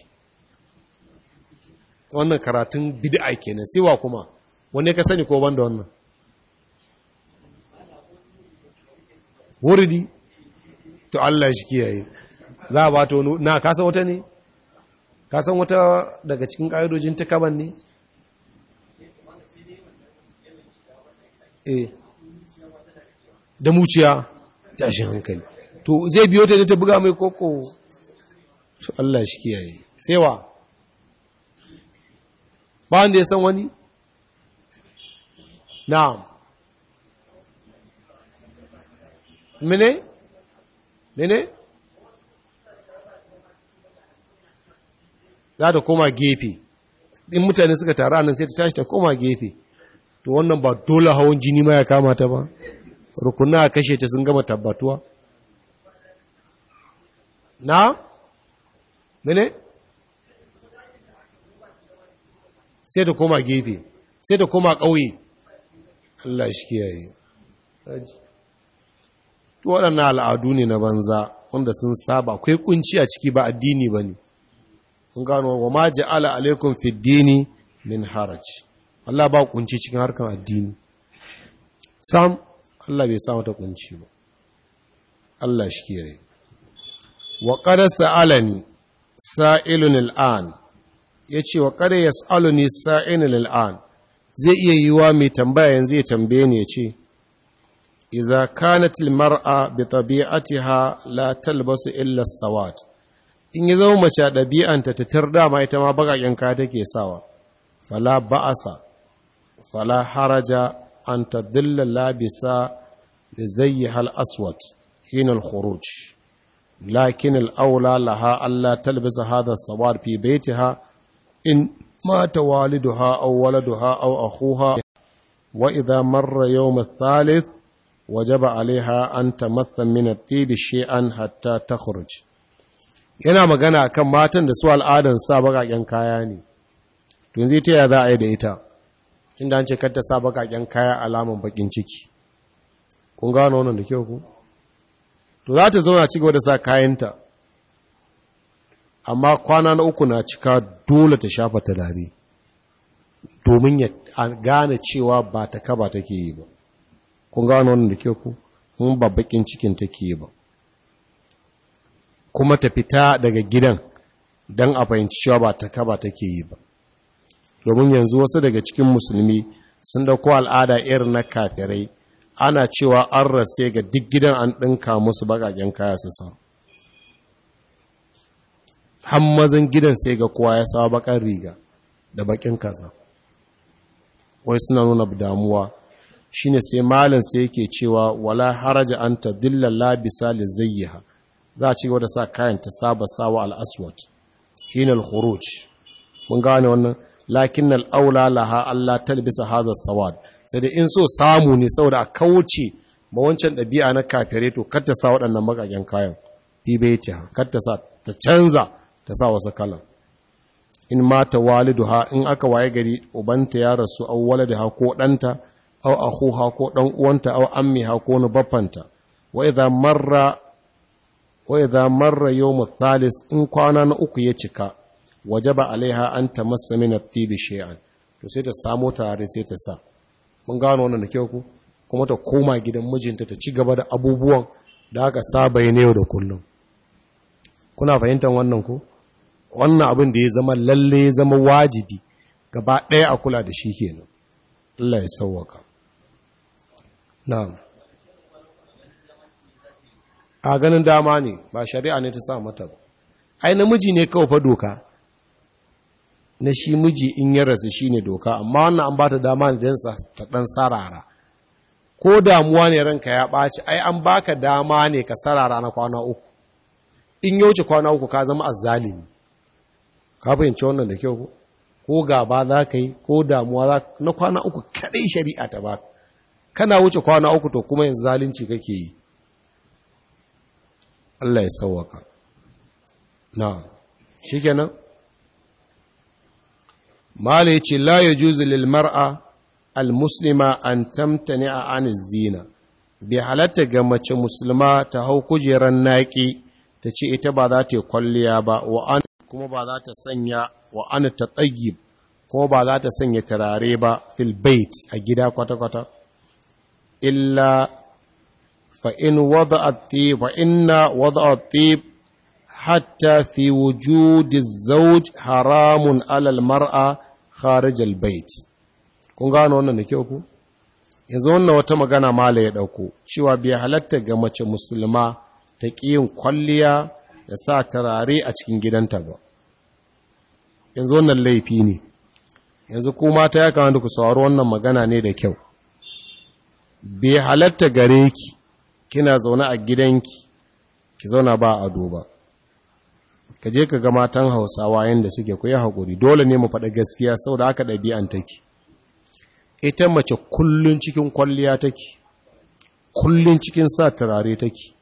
wannan karatun bid'a kenan sai wa kuma wanne ka sani ko banda wannan wurdi to Allah shi kiyaye za a ba ta wani na kasa wata ne ka san wata daga cikin ƙa'idojin takaban ne eh. da muciya tashin hankali to zai biyo ta ne ta buga mai koko to Allah shi kiyaye sai wa ba wanda ya san wani na'am mene mene za ta koma gefe ɗin mutane suka taru nan sai ta tashi ta koma gefe to wannan ba dole hawan jini ma ya kama ta ba rukunna a kashe ta sun gama tabbatuwa na mene sai ta koma gefe sai ta koma ƙauye Allah shi kiyaye waɗannan al'adu ne na banza wanda sun saba akwai kunci a ciki ba addini ba ne kun gano wa ma ji ala, alaikun fiddini min haraj Allah ba kunci cikin harkar addini sam Allah bai samu ta kunci ba Allah shi kire wa qad sa'alani sa'ilun al'an yace wa qad yas'aluni sa'ilun al'an zai iya yiwa mai tambaya yanzu ya tambaye ne ce iza kanatil mar'a bi tabi'atiha la talbasu illa as-sawat in ya zama mace ɗabi'anta ta tirda ma ita ma bakaƙen kaya take sawa fala ba'asa fala haraja an ta dilla labisa da zai hal aswat hinal khuruj lakin al'aula laha Allah talbisa hada sawar fi baitiha in mata waliduha aw waladuha aw akhuha wa idha marra yawm ath-thalith wajaba 'alayha an tamaththal min at-tib shay'an hatta takhruj yana magana kan matan da su al'adan sa baƙaƙen kaya ne to zai ta za a yi da ita inda an ce kar ta sa kaya alamun bakin ciki kun gano wannan da kyau ku to za ta zauna cigaba da sa kayanta amma kwana na uku na cika dole ta shafa ta dare domin ya gane cewa ba ta kaba take yi ba kun gano wannan da kyau ku mun babbakin cikin take yi ba kuma ta fita daga gidan don a fahimci cewa ba ta kaba take yi ba domin yanzu wasu daga cikin musulmi sun dauko al'ada irin na kafirai ana cewa an rase ga duk gidan an ɗinka musu baƙaƙen kaya su sa hammazin gidan sai ga kowa ya sawa bakar riga da baƙin kasa wai suna nuna damuwa shine sai malin sai yake cewa wala haraja an ta dilla zai yi zayyaha za a ci gaba da sa kayan ta saba sawa al-aswad hinal khuruj mun gane wannan lakin al laha Allah talbisa hadha sawad sai da in so samu ne saboda a wuce ma wancan ɗabi'a na kafirai to kar ta sa waɗannan bakaken kayan fi baitiha kar ta sa ta canza ta sa wasu kalan in mata Walidu ha, in aka waye gari ubanta ya rasu aw waladaha ko danta aw akhuha ko ɗan uwanta aw ammiha ko na baffanta wa idza marra wa idza marra yawm thalis in kwana na uku ya cika wajaba alaiha an tamassa masa at-tibi shay'an to sai ta samo tare sai ta sa mun gano wannan da kyau ku kuma ta koma gidan mijinta ta ci gaba da abubuwan da aka saba ne yau da kullum kuna fahimtar wannan ku wannan abin da ya zama lalle ya zama wajibi gaba ɗaya a kula da shi kenan Allah ya sauwaka Na. a ganin dama ne ba shari'a ne ta sa mata ba ai namiji ne kawai fa doka na shi miji in ya rasu shi ne doka amma wannan an ba ta dama ne don ta ɗan sarara ko damuwa ne ranka ya ɓaci ai an baka dama ne ka sarara na kwana uku in yauce kwana uku ka zama azzalimi ka fahimci wannan da kyau ko gaba za ka yi ko damuwa na kwana uku kaɗai shari'a ta ba kana wuce kwana uku to kuma yanzu zalunci kake yi Allah ya Na, shi shikenan mala yace la yajuzu lil mar'a al muslima an tamtani anis zina bi halatta ga mace musulma ta hau kujerar naƙi ta ce ita ba za ta yi kwalliya ba kuma ba za ta sanya wa ta tsagib ko ba za ta sanya turare ba fil a gida kwata-kwata illa فإن وضع الطيب فإن وضع الطيب حتى في وجود الزوج حرام على المرأة خارج البيت kun gano wannan da kyau ku yanzu wannan wata magana mala ya dauko cewa bai halatta ga mace musulma ta yin kwalliya da sa turare a cikin gidanta ba yanzu wannan laifi ne yanzu ku mata ya kamata ku sauraro wannan magana ne da kyau bai halatta gare ki kina zaune a gidanki ki zauna ba a ba ka je ka ga matan hausawa yadda suke ku yi haƙuri dole ne mu faɗa gaskiya sau da aka ɗabi'an take ita mace kullum cikin kwalliya take kullum cikin sa turare take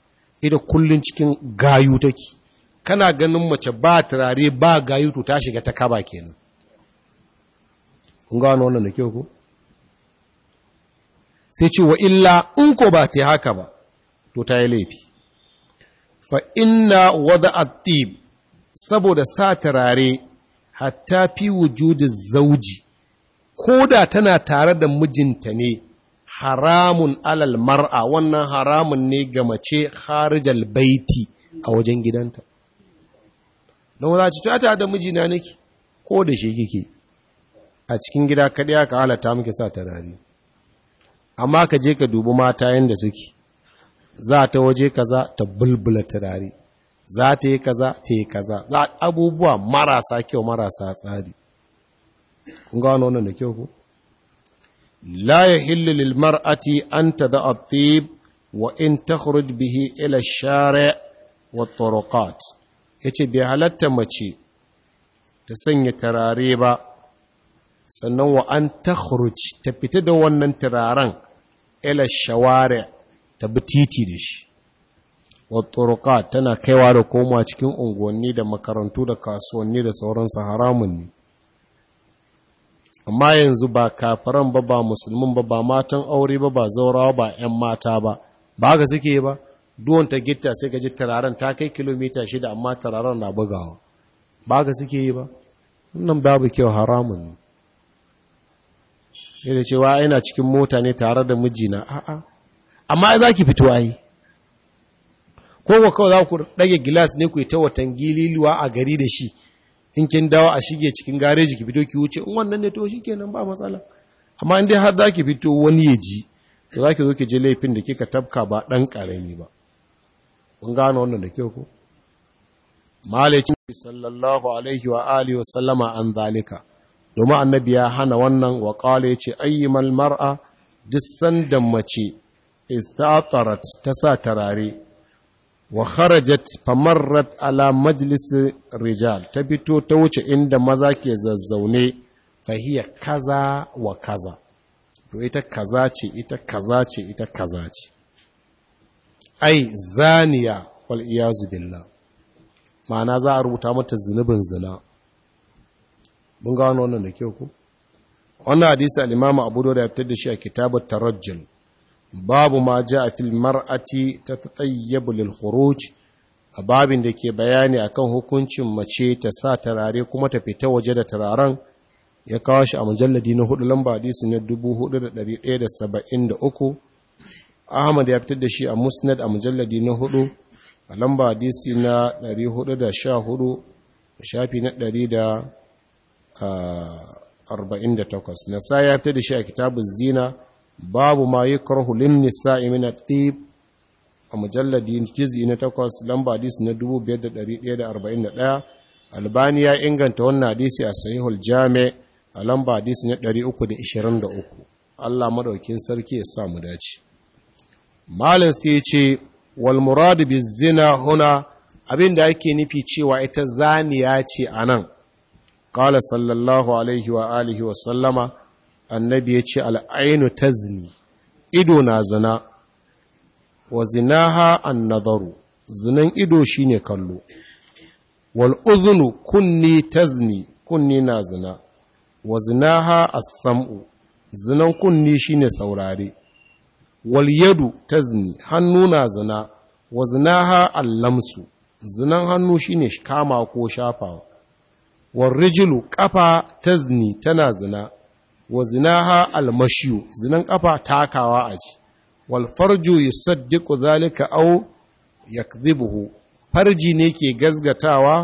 ita kullum cikin gayu take kana ganin mace ba turare ba gayu to ta shiga ta kaba kenan kun gano wannan da kyau ko sai ce wa illa in ko ba ta haka ba to ta yi laifi fa inna wada attib saboda sa turare hatta fi wujudi zauji ko da tana tare da mijinta ne haramun alal mar'a wannan haramun ne ga mace harijal baiti a wajen gidanta don wanda ce ta da mijina nake ko da shi kike a cikin gida kaɗai aka halatta muke sa turare amma ka je ka dubi mata yadda suke za ta waje kaza ta bulbula turare za ta yi kaza ta yi kaza za abubuwa marasa kyau marasa tsari kun gano wani wannan da kyau ku la yahillu lil mar'ati an tad'a at-tib wa in takhruj bihi ila ash-shari' wa turuqat yace bai halatta mace ta sanya turare ba sannan wa an takhruj ta fita da wannan turaren ila shawari' tabi titi da shi roƙa tana kaiwa da koma cikin unguwanni da makarantu da kasuwanni da sauransu haramun ne amma yanzu ba kafiran ba ba musulmin ba ba matan aure ba ba zaurawa ba 'yan mata ba ba ga suke ba duwan ta gitta sai gaji tararen ta kai kilomita shida amma tararen na bugawa ba ga suke yi ba wannan babu kyau haramun ne da cewa ina cikin mota ne tare da mijina a'a amma za ki fito ayi ko ko kawai za ku ɗage gilas ne ku yi ta watan gililuwa a gari da shi in kin dawo a shige cikin gareji ki fito ki wuce in wannan ne to shikenan ba matsala amma in dai har za ki fito wani ya ji to za ki zo ki je laifin da kika tabka ba ɗan ƙarami ba kun gane wannan da kyau ko malikin sallallahu alaihi wa alihi wa sallama an zalika domin annabi ya hana wannan wa qala yace ayyimal mar'a duk sanda mace istatarat ta sa tarare wa kharajat famarrat ala majlis rijal ta fito ta wuce inda maza ke zazzaune fahiya kaza wa kaza to ita kaza ce ita kaza ce ita kaza ce ai zaniya wal iyazu billah ma'ana za a rubuta mata zunubin zina mun ga wannan da kyau ku wannan hadisi al-imamu abu dawud ya fitar da shi a kitabut tarajjul babu ma ja a filmar ati ta tsayyabu lilhuruci a babin da ke bayani akan hukuncin mace ta sa tarare kuma ta fita waje da tararen ya kawo shi a mujalladi na hudu lamba hadisi na 4173 ahmad ya fitar da shi a musnad a mujalladi na hudu a lamba hadisi na 414 shafi na 148 ah, nasa ya fitar da shi a kitabun zina babu ma yi karhu limni sa'imin atib a mujalladi jizi na takwas lamba hadisi na 5,141 albani ya inganta wannan hadisi a sahihul jami a lamba hadisi na 323 Allah madaukin sarki ya samu dace malin sai ce wal muradu bi zina huna abinda ake nufi cewa ita zaniya ce anan qala sallallahu alaihi wa alihi wa sallama annabi ya ce al'ainu zini, ido na zina wa zinaha an nazaru zinan ido shi ne kallo Wal'uzunu kunni ta zini, kunni na zina wa zinaha a samu zinan kunni ne saurare wal yadu zini, hannu na zina wa zinaha al-lamsu zinan hannu shi ne kama ko shafawa wal ƙafa kafa zini tana zina wa zinaha almashiyu zinan kafa takawa a ji wal farju yusaddiqu zalika aw yakdhibuhu farji ne ke gazgatawa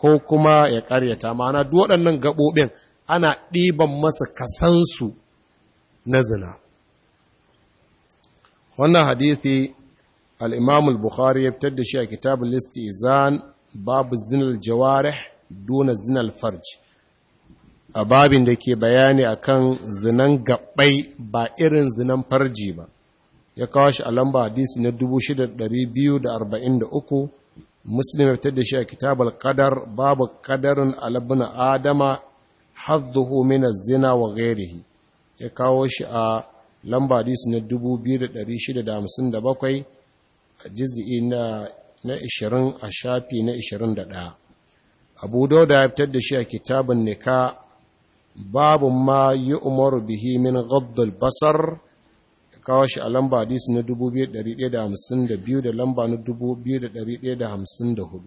ko kuma ya karyata mana duk waɗannan gaɓoɓin ana ɗiban masa kasansu na zina wannan hadithi al-imam al ya fitar da shi a kitabul istizan babu zinal jawarih duna zinal farji a babin da ke bayani a kan zinan gabbai ba irin zinan farji ba ya kawo shi a lamba hadisi na 6243 muslim ya fitar da shi a kitabar qadar babu qadarin alabna adama hadduhu min az-zina wa ghairihi ya kawo shi a lamba hadisi na 2657 a juz'i na na 20 a shafi na 21 Abu Dawud ya fitar da shi a kitabun nika babu ma yi umaru bihi min gaddal basar ya kawo shi a lamba hadis na 2152 da lamba na 2154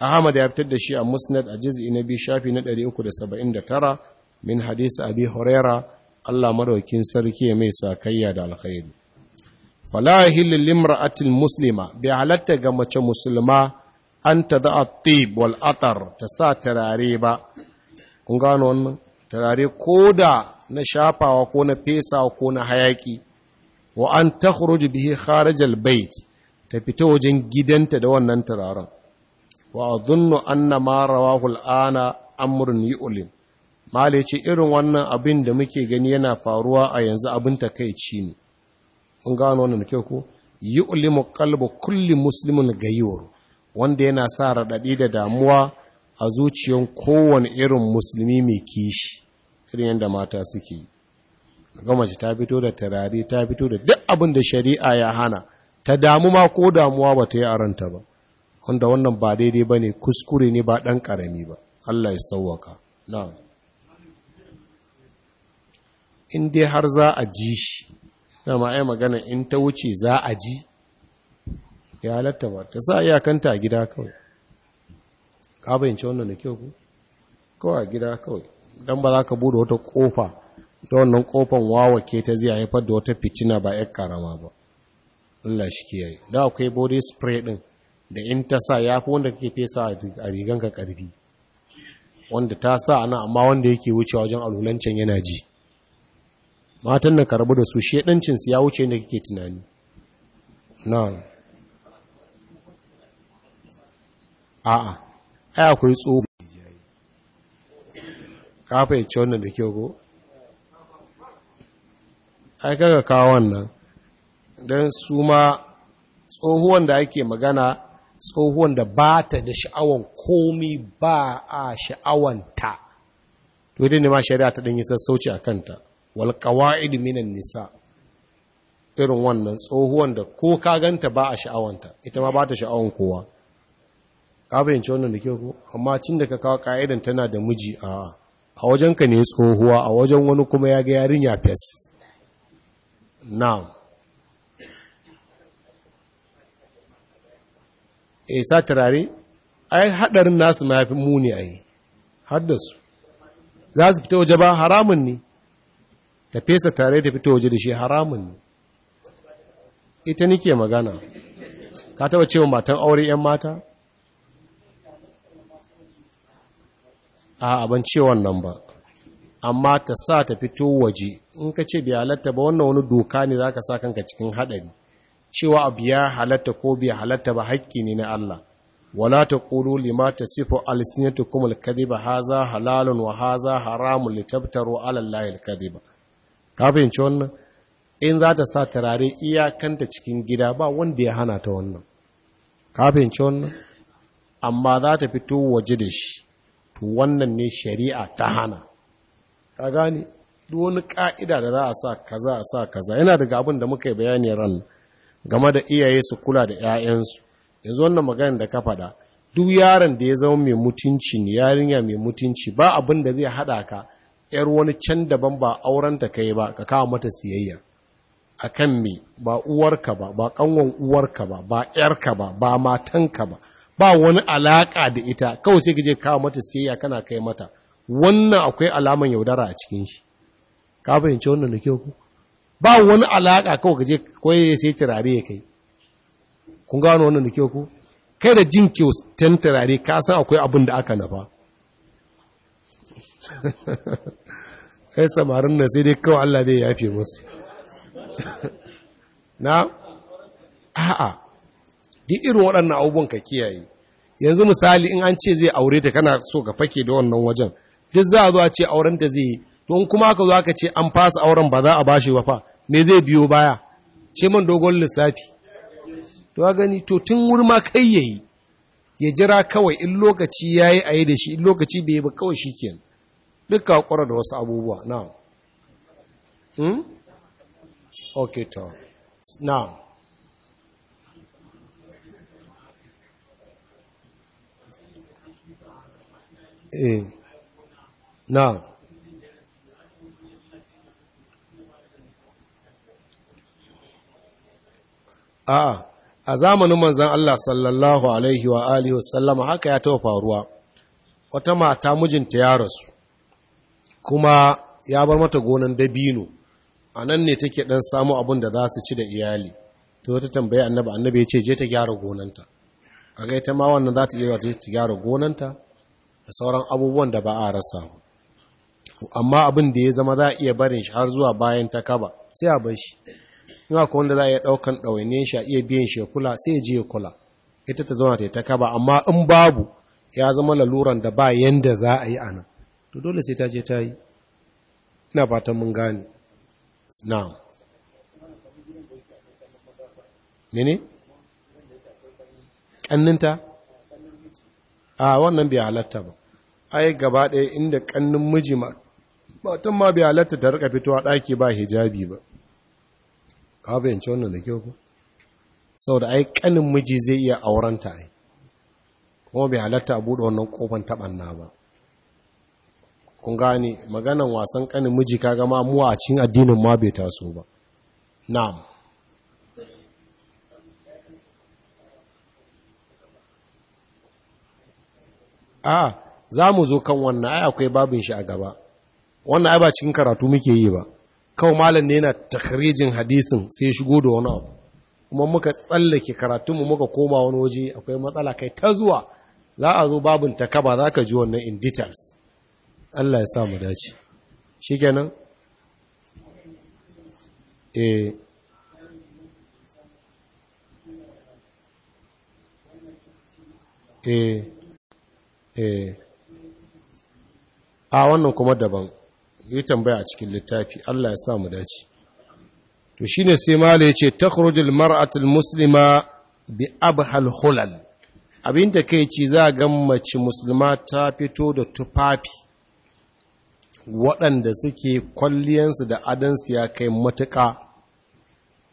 ahmad ya fitar da shi a musnad a jiz'i na biyu shafi na 379 min hadis abi huraira allah madaukin sarki mai sakayya da alkhairi fala hilil limra'atil muslima bi halatta ga mace musulma an ta da atib wal atar ta sa turare ba kun gano wannan turare ko da na shafawa ko na fesawa ko na hayaki wa an kuroji bihi kharajal bait ta fita wajen gidanta da wannan turaren wa adhunnu anna ma rawahu Hul'ana Amurin yi ulin ce irin wannan abin da muke gani yana faruwa a yanzu abin ta kai ci ne mun gano wannan kyau ko yu'limu kalba kulli muslimin gayiwar wanda yana sa raɗaɗi da damuwa a zuciyar kowane irin musulmi mai kishi irin yadda mata suke yi gama ce ta fito da turare ta fito da duk abin da shari'a ya hana ta damu ma ko damuwa ba ta yi a ranta ba wanda wannan ba daidai ba ne kuskure ne ba ɗan ƙarami ba allah ya sauwaka na in dai har za a ji shi na ma'ai magana in ta wuce za a ji ya halatta ba ta sa iyakanta a gida kawai ka bayyance wannan da kyau ku kawai a gida kawai don ba za ka buɗe wata ƙofa don wannan kofan wawake ta zai haifar da wata fitina ba yar karama ba Allah shi kiyaye da akwai body spray din da in ta sa yafi wanda kake fesa a riganka karfi wanda ta sa ana amma wanda yake wuce wajen alulancin yana ji matan ka karbu da su shedancin su ya wuce da kake tunani na'am a'a ai akwai tsofa ka fahimci wannan da kyau ko ai kaga kawo wannan don su ma tsohuwan da ake magana tsohuwan da ba ta da sha'awan komi ba a sha'awanta to yi ne ma shari'a ta ɗanyi sassauci a kanta wal qawaid nisa irin wannan tsohuwan da ko ka ganta ba a sha'awanta ita ma ba ta sha'awan kowa ka fahimci wannan da kyau ku. amma cin da ka kawo ka'idan tana da miji a a wajenka ne tsohuwa a wajen wani kuma ya ga ya fes Na. e eh, sa turare ai hadarin nasu ma yafi muni yi. haddasu za su fita waje ba haramun ne ta fesa tare da fita waje da shi haramun ne ita nike magana ka taba cewa matan aure yan mata a ban ce wannan ba amma ta sa ta fito waje in ka ce bai halatta ba wannan wani doka ne zaka sa kanka cikin hadari. cewa abu ya halatta ko bai halatta ba haƙƙi ne na Allah wala ta taqulu lima tasifu alsinatukum alkadhiba haza halalun wa haza haramun litabtaru ala allahi alkadhiba ka fahimci wannan in za ta sa turare iyakanta cikin gida ba wanda ya hana ta wannan ka fahimci wannan amma za ta fito waje da shi to wannan ne shari'a ta hana ka gane duk wani ka'ida da za a sa kaza a sa kaza yana daga abin da muka yi bayani ran game da iyaye su kula da 'ya'yansu yanzu wannan maganar da ka faɗa duk yaron da ya zama mai mutunci ne yarinya mai mutunci ba abin da zai haɗa ka ‘yar wani can daban ba aurenta ka yi ba ka kawo mata siyayya a kan me ba uwarka ba ba ƙanwan uwarka ba ba ‘yarka ba ba matanka ba ba wani alaka da ita kawai sai kaje kawo mata siyayya kana kai mata wannan akwai alaman yaudara a cikin shi ka fahimci wannan da kyau ba wani alaka kawai kaje koyi sai turare ya kai kun gano wannan da kyau ku kai da jin kyautan turare ka san akwai abin da aka nafa *laughs* kai samarin nan sai dai kawai Allah zai yafe musu *laughs* na a'a duk irin waɗannan abubuwan ka kiyaye yanzu misali in an ce zai aure ta kana so ka fake da wannan wajen duk za a zo ce auren ta zai yi to kuma aka zo aka ce an fasa auren ba za a bashi ba fa me zai biyo baya ce man dogon lissafi to ga gani to tun wuri ma kai yayi ya jira kawai in lokaci yayi yi da shi in lokaci bai ba kawai shikenan duk ka da wasu abubuwa na'am hmm? eh na a ah, a zamanin manzan Allah sallallahu alaihi wa alihi wasallama haka ya taɓa faruwa wata mata mijinta ya rasu kuma ya bar mata gonan dabino a nan ne take ɗan samu abin da za su ci da iyali ta wata annabi annabi ya ce je ta gyara gonanta a ga ita ma wannan za ta iya ta gyara gonanta da sauran abubuwan da ba a rasa amma abin da ya zama za a iya barin shi har zuwa bayan ta kaba sai a bar shi ina ko wanda za a iya ɗaukan ɗawainiyar shi a iya biyan shi kula sai ya je ya kula ita ta zauna ta yi ta kaba amma in babu ya zama laluran da ba yanda za a yi ana to dole sai ta je ta yi ina fatan mun gane na'am mene Kanninta? a wannan bai halatta ba ai gaba ɗaya inda ƙannin miji ma matan ma bai halatta ta rika fitowa ɗaki ba hijabi ba ka fahimci wannan da kyau ku saboda ai ƙannin miji zai iya auranta ai kuma bai halatta a buɗe wannan ƙofan taɓanna ba kun gane maganan wasan ƙannin miji ka ma muwa a cikin addinin ma bai taso ba na'am a ah, za mu zo kan wannan ai akwai babin shi a gaba wannan ai ba cikin karatu muke yi ba kawo malam ne yana takrijin hadisin sai shigo da wani abu kuma muka tsallake mu muka koma wani waje akwai matsala kai ta zuwa za a zo babin ta takaba za ka ji wannan in details Allah ya sa mu dace shi kenan eh eh eh a wannan kuma daban yi tambaya a cikin littafi Allah ya sa mu dace to shine sai mala yace takhrujul mar'atul muslima bi abhal hulal abin da kai ci za ga mace musulma ta fito da tufafi waɗanda suke kwalliyansu da adansu ya kai matuka.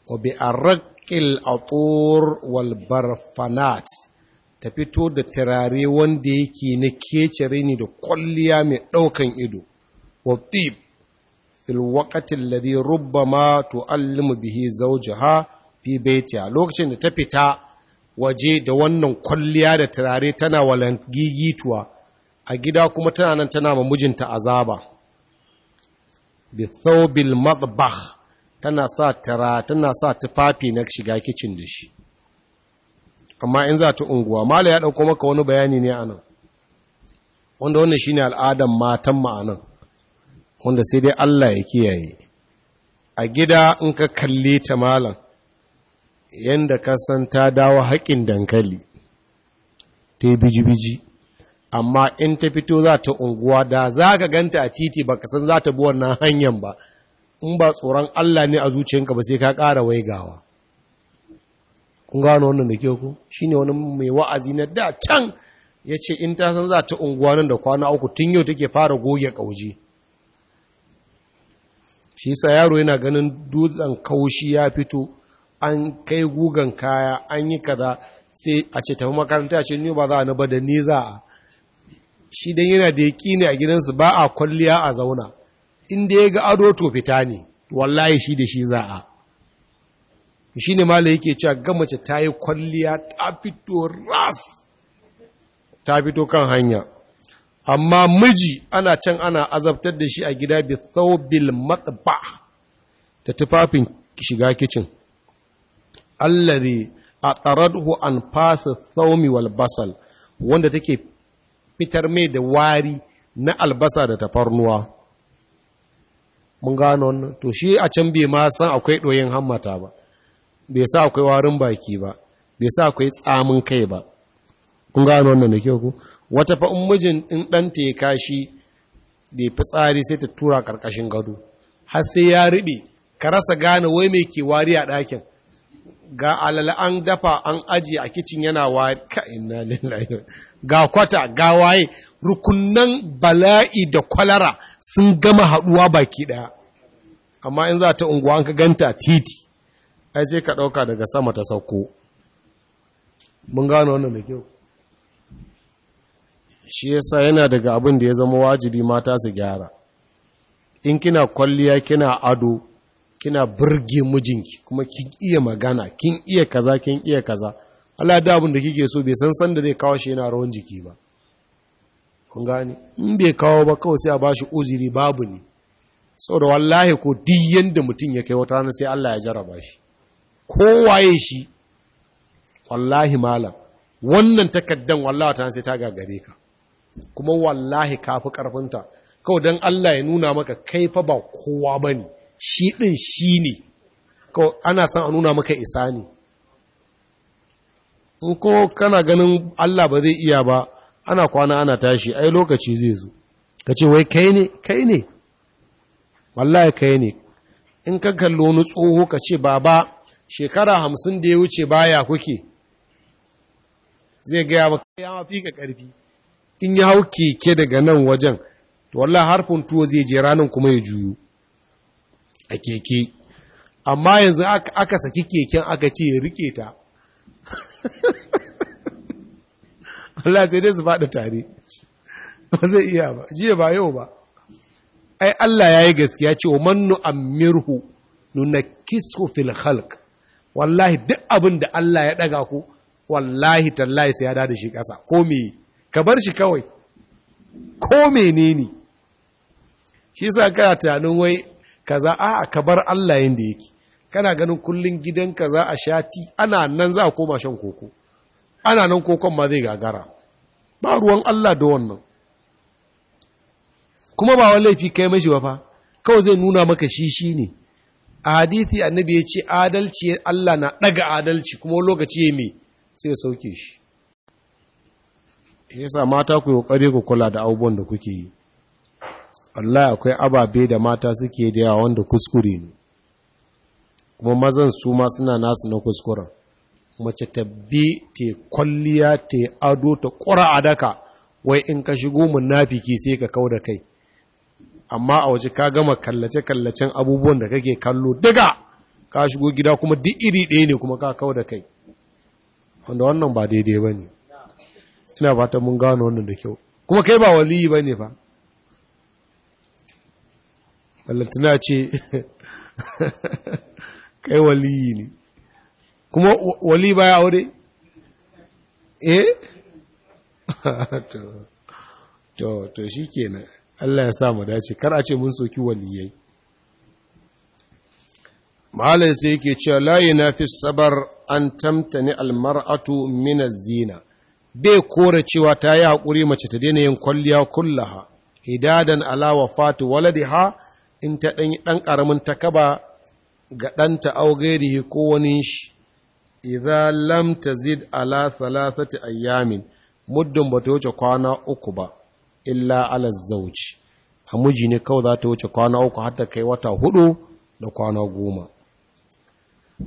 wa bi arqil atur wal barfanat ta fito da turare wanda yake na kecere ne da kwalliya mai ɗaukan ido wattib filwakatin waqatil rubba ma tu'allimu bihi zawjaha fi a lokacin da ta fita waje da wannan kwalliya da turare tana walangigituwa a gida kuma tana nan tana ma mijinta azaba bi thawbil tana sa tara tana sa tufafi na shiga kicin da shi amma in za ta unguwa mala ya ɗauko maka wani bayani ne anan wanda wannan shine al'adan matan ma'anan wanda sai dai Allah ya kiyaye a gida in ka kalle ta malam yanda ka san ta dawo haƙin dankali ta yi biji-biji amma in ta fito za ta unguwa da za ka ganta a titi ba ka san za ta bi wannan hanyar ba in ba tsoron Allah ne a zuciyarka ba sai ka ƙara waigawa kun gano wannan da ke ku shine wani mai wa'azi na da can ya ce in ta san za ta unguwa nan da kwana uku tun yau take fara goge ƙauji shi sa yaro yana ganin dutsen kaushi ya fito an kai gugan kaya an yi kaza sai a ce tafi makaranta ce ni ba za a na ba da ni za a shi dan yana da yaki ne a gidansu ba a kwalliya a zauna inda ya ga ado to fita ne wallahi shi da shi za a shi ne ma yake cewa gamace ta yi kwalliya ta fito ras ta fito kan hanya amma miji ana can ana azabtar da shi a gida bi thawbil matba da tufafin shiga kicin allazi ataradhu an fasa thawmi wal basal wanda take fitar mai da wari na albasa da tafarnuwa mun gano to shi a can bai ma san akwai doyin hammata ba bai sa akwai warin baki ba bai sa akwai tsamin kai ba kun gano wannan da kyau ku wata fa mijin in ɗanta ya kashi bai fitsari sai ta tura karkashin gado har sai ya ribe ka rasa gane wai mai ke wari a dakin ga alala an dafa an ajiye a kicin yana wari ka inna lillahi ga kwata ga waye rukunnan bala'i da kwalara sun gama haɗuwa baki ɗaya amma in za ta unguwa an ka ganta titi ai sai ka ɗauka daga sama ta sauko mun gano wannan da kyau shi yasa yana daga abin da ya zama wajibi mata su gyara in kina kwalliya kina ado kina birge mijinki kuma kin iya magana kin iya kaza kin iya kaza Allah da abin da kike so bai san san da zai kawo shi yana rawan jiki ba kun gane in bai kawo ba kawai sai a bashi uziri babu ne saboda wallahi ko duk yanda mutum ya kai wata rana sai Allah ya jarraba shi kowaye shi wallahi malam wannan takaddan wallahi ta sai ta gagare ka kuma wallahi kafi karfinta kawai don Allah ya nuna maka kai fa ba kowa bane shi din shi ne kawai ana son a nuna maka isa ne in ko kana ganin Allah ba zai iya ba ana kwana ana tashi ai lokaci zai zo ka ce wai kai ne kai ne wallahi kai ne in ka kallo wani tsoho ka ce baba shekara hamsin da ya wuce baya kuke zai gaya maka ya mafi ka ƙarfi in ya hau keke daga nan wajen to wallah harfin tuwo zai je ranar kuma ya juyo a keke amma yanzu aka saki keken aka ce ya rike ta *laughs* Allah sai dai su faɗi tare ba zai iya ba jiya ba yau ba ai Allah ya yi gaskiya ce wa mannu amirhu nuna kisku fil khalq wallahi duk abin da Allah ya ɗaga ku wallahi tallahi sai ya da shi ƙasa ko me ka bar shi kawai ko menene shi sa kana tunanin wai kaza a ka bar Allah yanda yake kana ganin kullun gidanka za a shati ana nan za a koma shan koko ana nan kokon ma zai gagara ba ruwan Allah da wannan kuma ba wani laifi kai mashi ba fa kawai zai nuna maka shi shi ne a hadithi annabi ya ce adalci Allah na ɗaga adalci kuma lokaci ya mai sai ya sauke shi yasa mata ku yi ƙware ku kula da abubuwan da kuke yi Allah akwai ababe da mata suke da yawa wanda kuskure ne kuma mazan su ma suna nasu na kuskuren mace bi te kwalliya te ado ta ƙura a daka wai in ka shigo munafiki sai ka kau da kai amma a waje ka gama kallace-kallacen abubuwan da kake kallo daga ka shigo gida kuma duk iri ɗaya ne kuma ka kawo da kai wanda wannan ba daidai ba ne ina fata mun gano wannan da kyau kuma kai ba waliyi ba ne ba ballantana ce *laughs* kai waliyi ne kuma wali ba ya aure eh *laughs* to to shi kenan Allah ya sa mu dace kar a ce mun soki waliyai malam sai yake cewa la fi sabar an tamtani almar'atu min zina bai kore cewa ta yi haƙuri mace ta daina yin kwalliya kullaha hidadan ala wafatu waladiha in ta ɗan ɗan ƙaramin takaba ga ɗanta augairihi ko wani shi idza lam tazid ala thalathati ayyamin muddin bata wuce kwana uku ba illa ala zauci a miji ne kawai za ta wuce kwana uku har ta kai wata hudu da kwana goma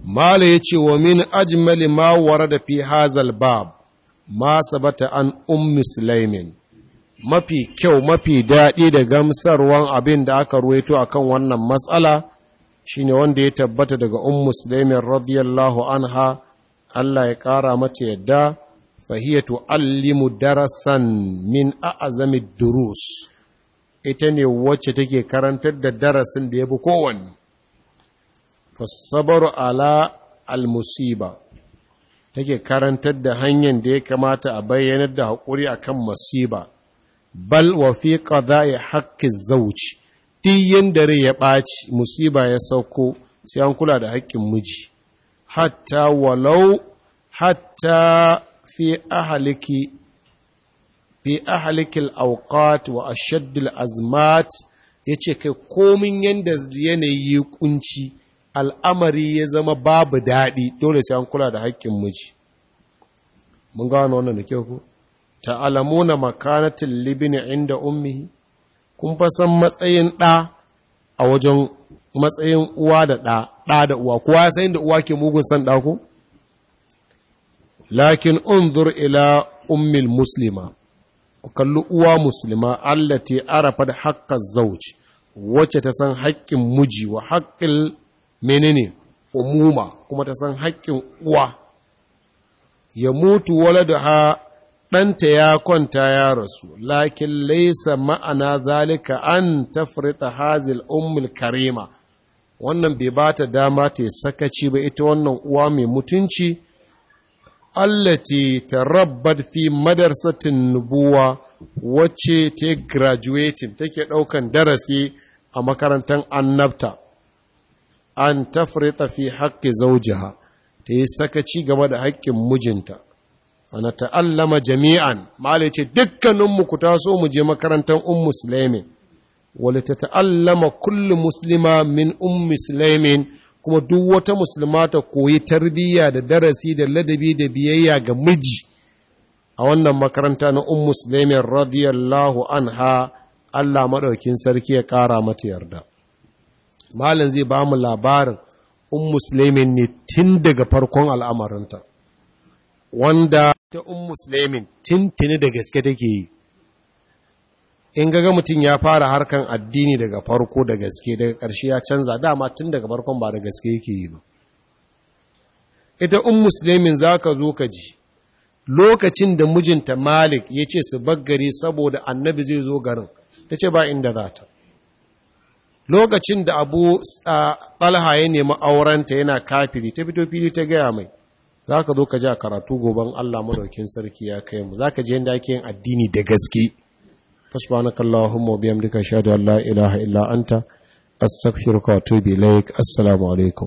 mala ya ce wa min ajmali ma da fi hazal bab ma sabata an ummi sulaimin mafi kyau mafi daɗi da gamsarwan abin da aka ruwaito akan wannan matsala shine wanda ya tabbata daga ummu sulaimin radiyallahu anha Allah ya ƙara mata yadda فهي تعلم درسا من أعظم durus, ita ne wacce take karantar da darasin da ya bi kowanne fassabaru ala almusiba take karantar da hanyar da ya kamata a bayyanar da haƙuri akan musiba, bal wa fi qada'i haqqi zawj diyan da rai ya ɓaci musiba ya sauko sai an kula da haƙƙin miji hatta walau hatta fi ahaliki fi ahalikil auqat wa ashaddul azmat yace kai komin yanda yanayi kunci al'amari ya zama babu daɗi dole sai an kula da haƙƙin miji mun gano wannan da kyau ko ta'alamuna makanatil libni inda ummihi kun fa san matsayin ɗa a wajen matsayin uwa da ɗa da uwa kowa ya san da uwa ke mugun san ɗa ko lakin unzur ila ummil muslima ku kalli uwa musulma allati arafat haqqaz zawj wacce ta san haƙƙin muji wa haƙƙin menene umuma kuma ta san haƙƙin uwa ya mutu waladaha ɗanta ya kwanta ya rasu lakin laisa ma'ana zalika an tafrita hazil ummul karima wannan bai ba ta dama ta sakaci ba ita wannan uwa mai mutunci allati tarabbad fi madarsatin nubuwa wacce ta graduating take ɗaukan darasi a makarantar annabta an tafrita fi haƙƙi zaujiha ta yi sakaci gaba da haƙƙin mijinta ana ta'allama jami'an malace ce dukkaninmu ku taso mu je makarantar um musulmin wale ta ta'allama kullu muslima min um kuma duk wata musulma ta koyi tarbiyya da darasi da ladabi da biyayya ga miji a wannan makaranta na um musulmin radiyallahu anha Allah maɗaukin sarki ya ƙara mata yarda malam zai ba mu labarin um musulmin ne tun daga farkon al'amarinta wanda ta um musulmin tintini da gaske take yi in gaga mutum ya fara harkan addini daga farko da gaske daga ƙarshe ya canza dama tun daga farkon ba da gaske yake yi ba ita un musulmin za ka zo ka ji lokacin da mijinta malik ya ce su baggare saboda annabi zai zo garin ta ce ba inda za ta lokacin da abu ɗalha ya nemi aurenta yana kafiri ta fito fili ta gaya mai za ka zo ka ji a karatu goban allah madaukin sarki ya kai mu za ka ji yadda ake yin addini da gaske فسبحانك اللهم وبيمدك أشهد أن لا إله إلا أنت أستغفرك وأتوب إليك السلام عليكم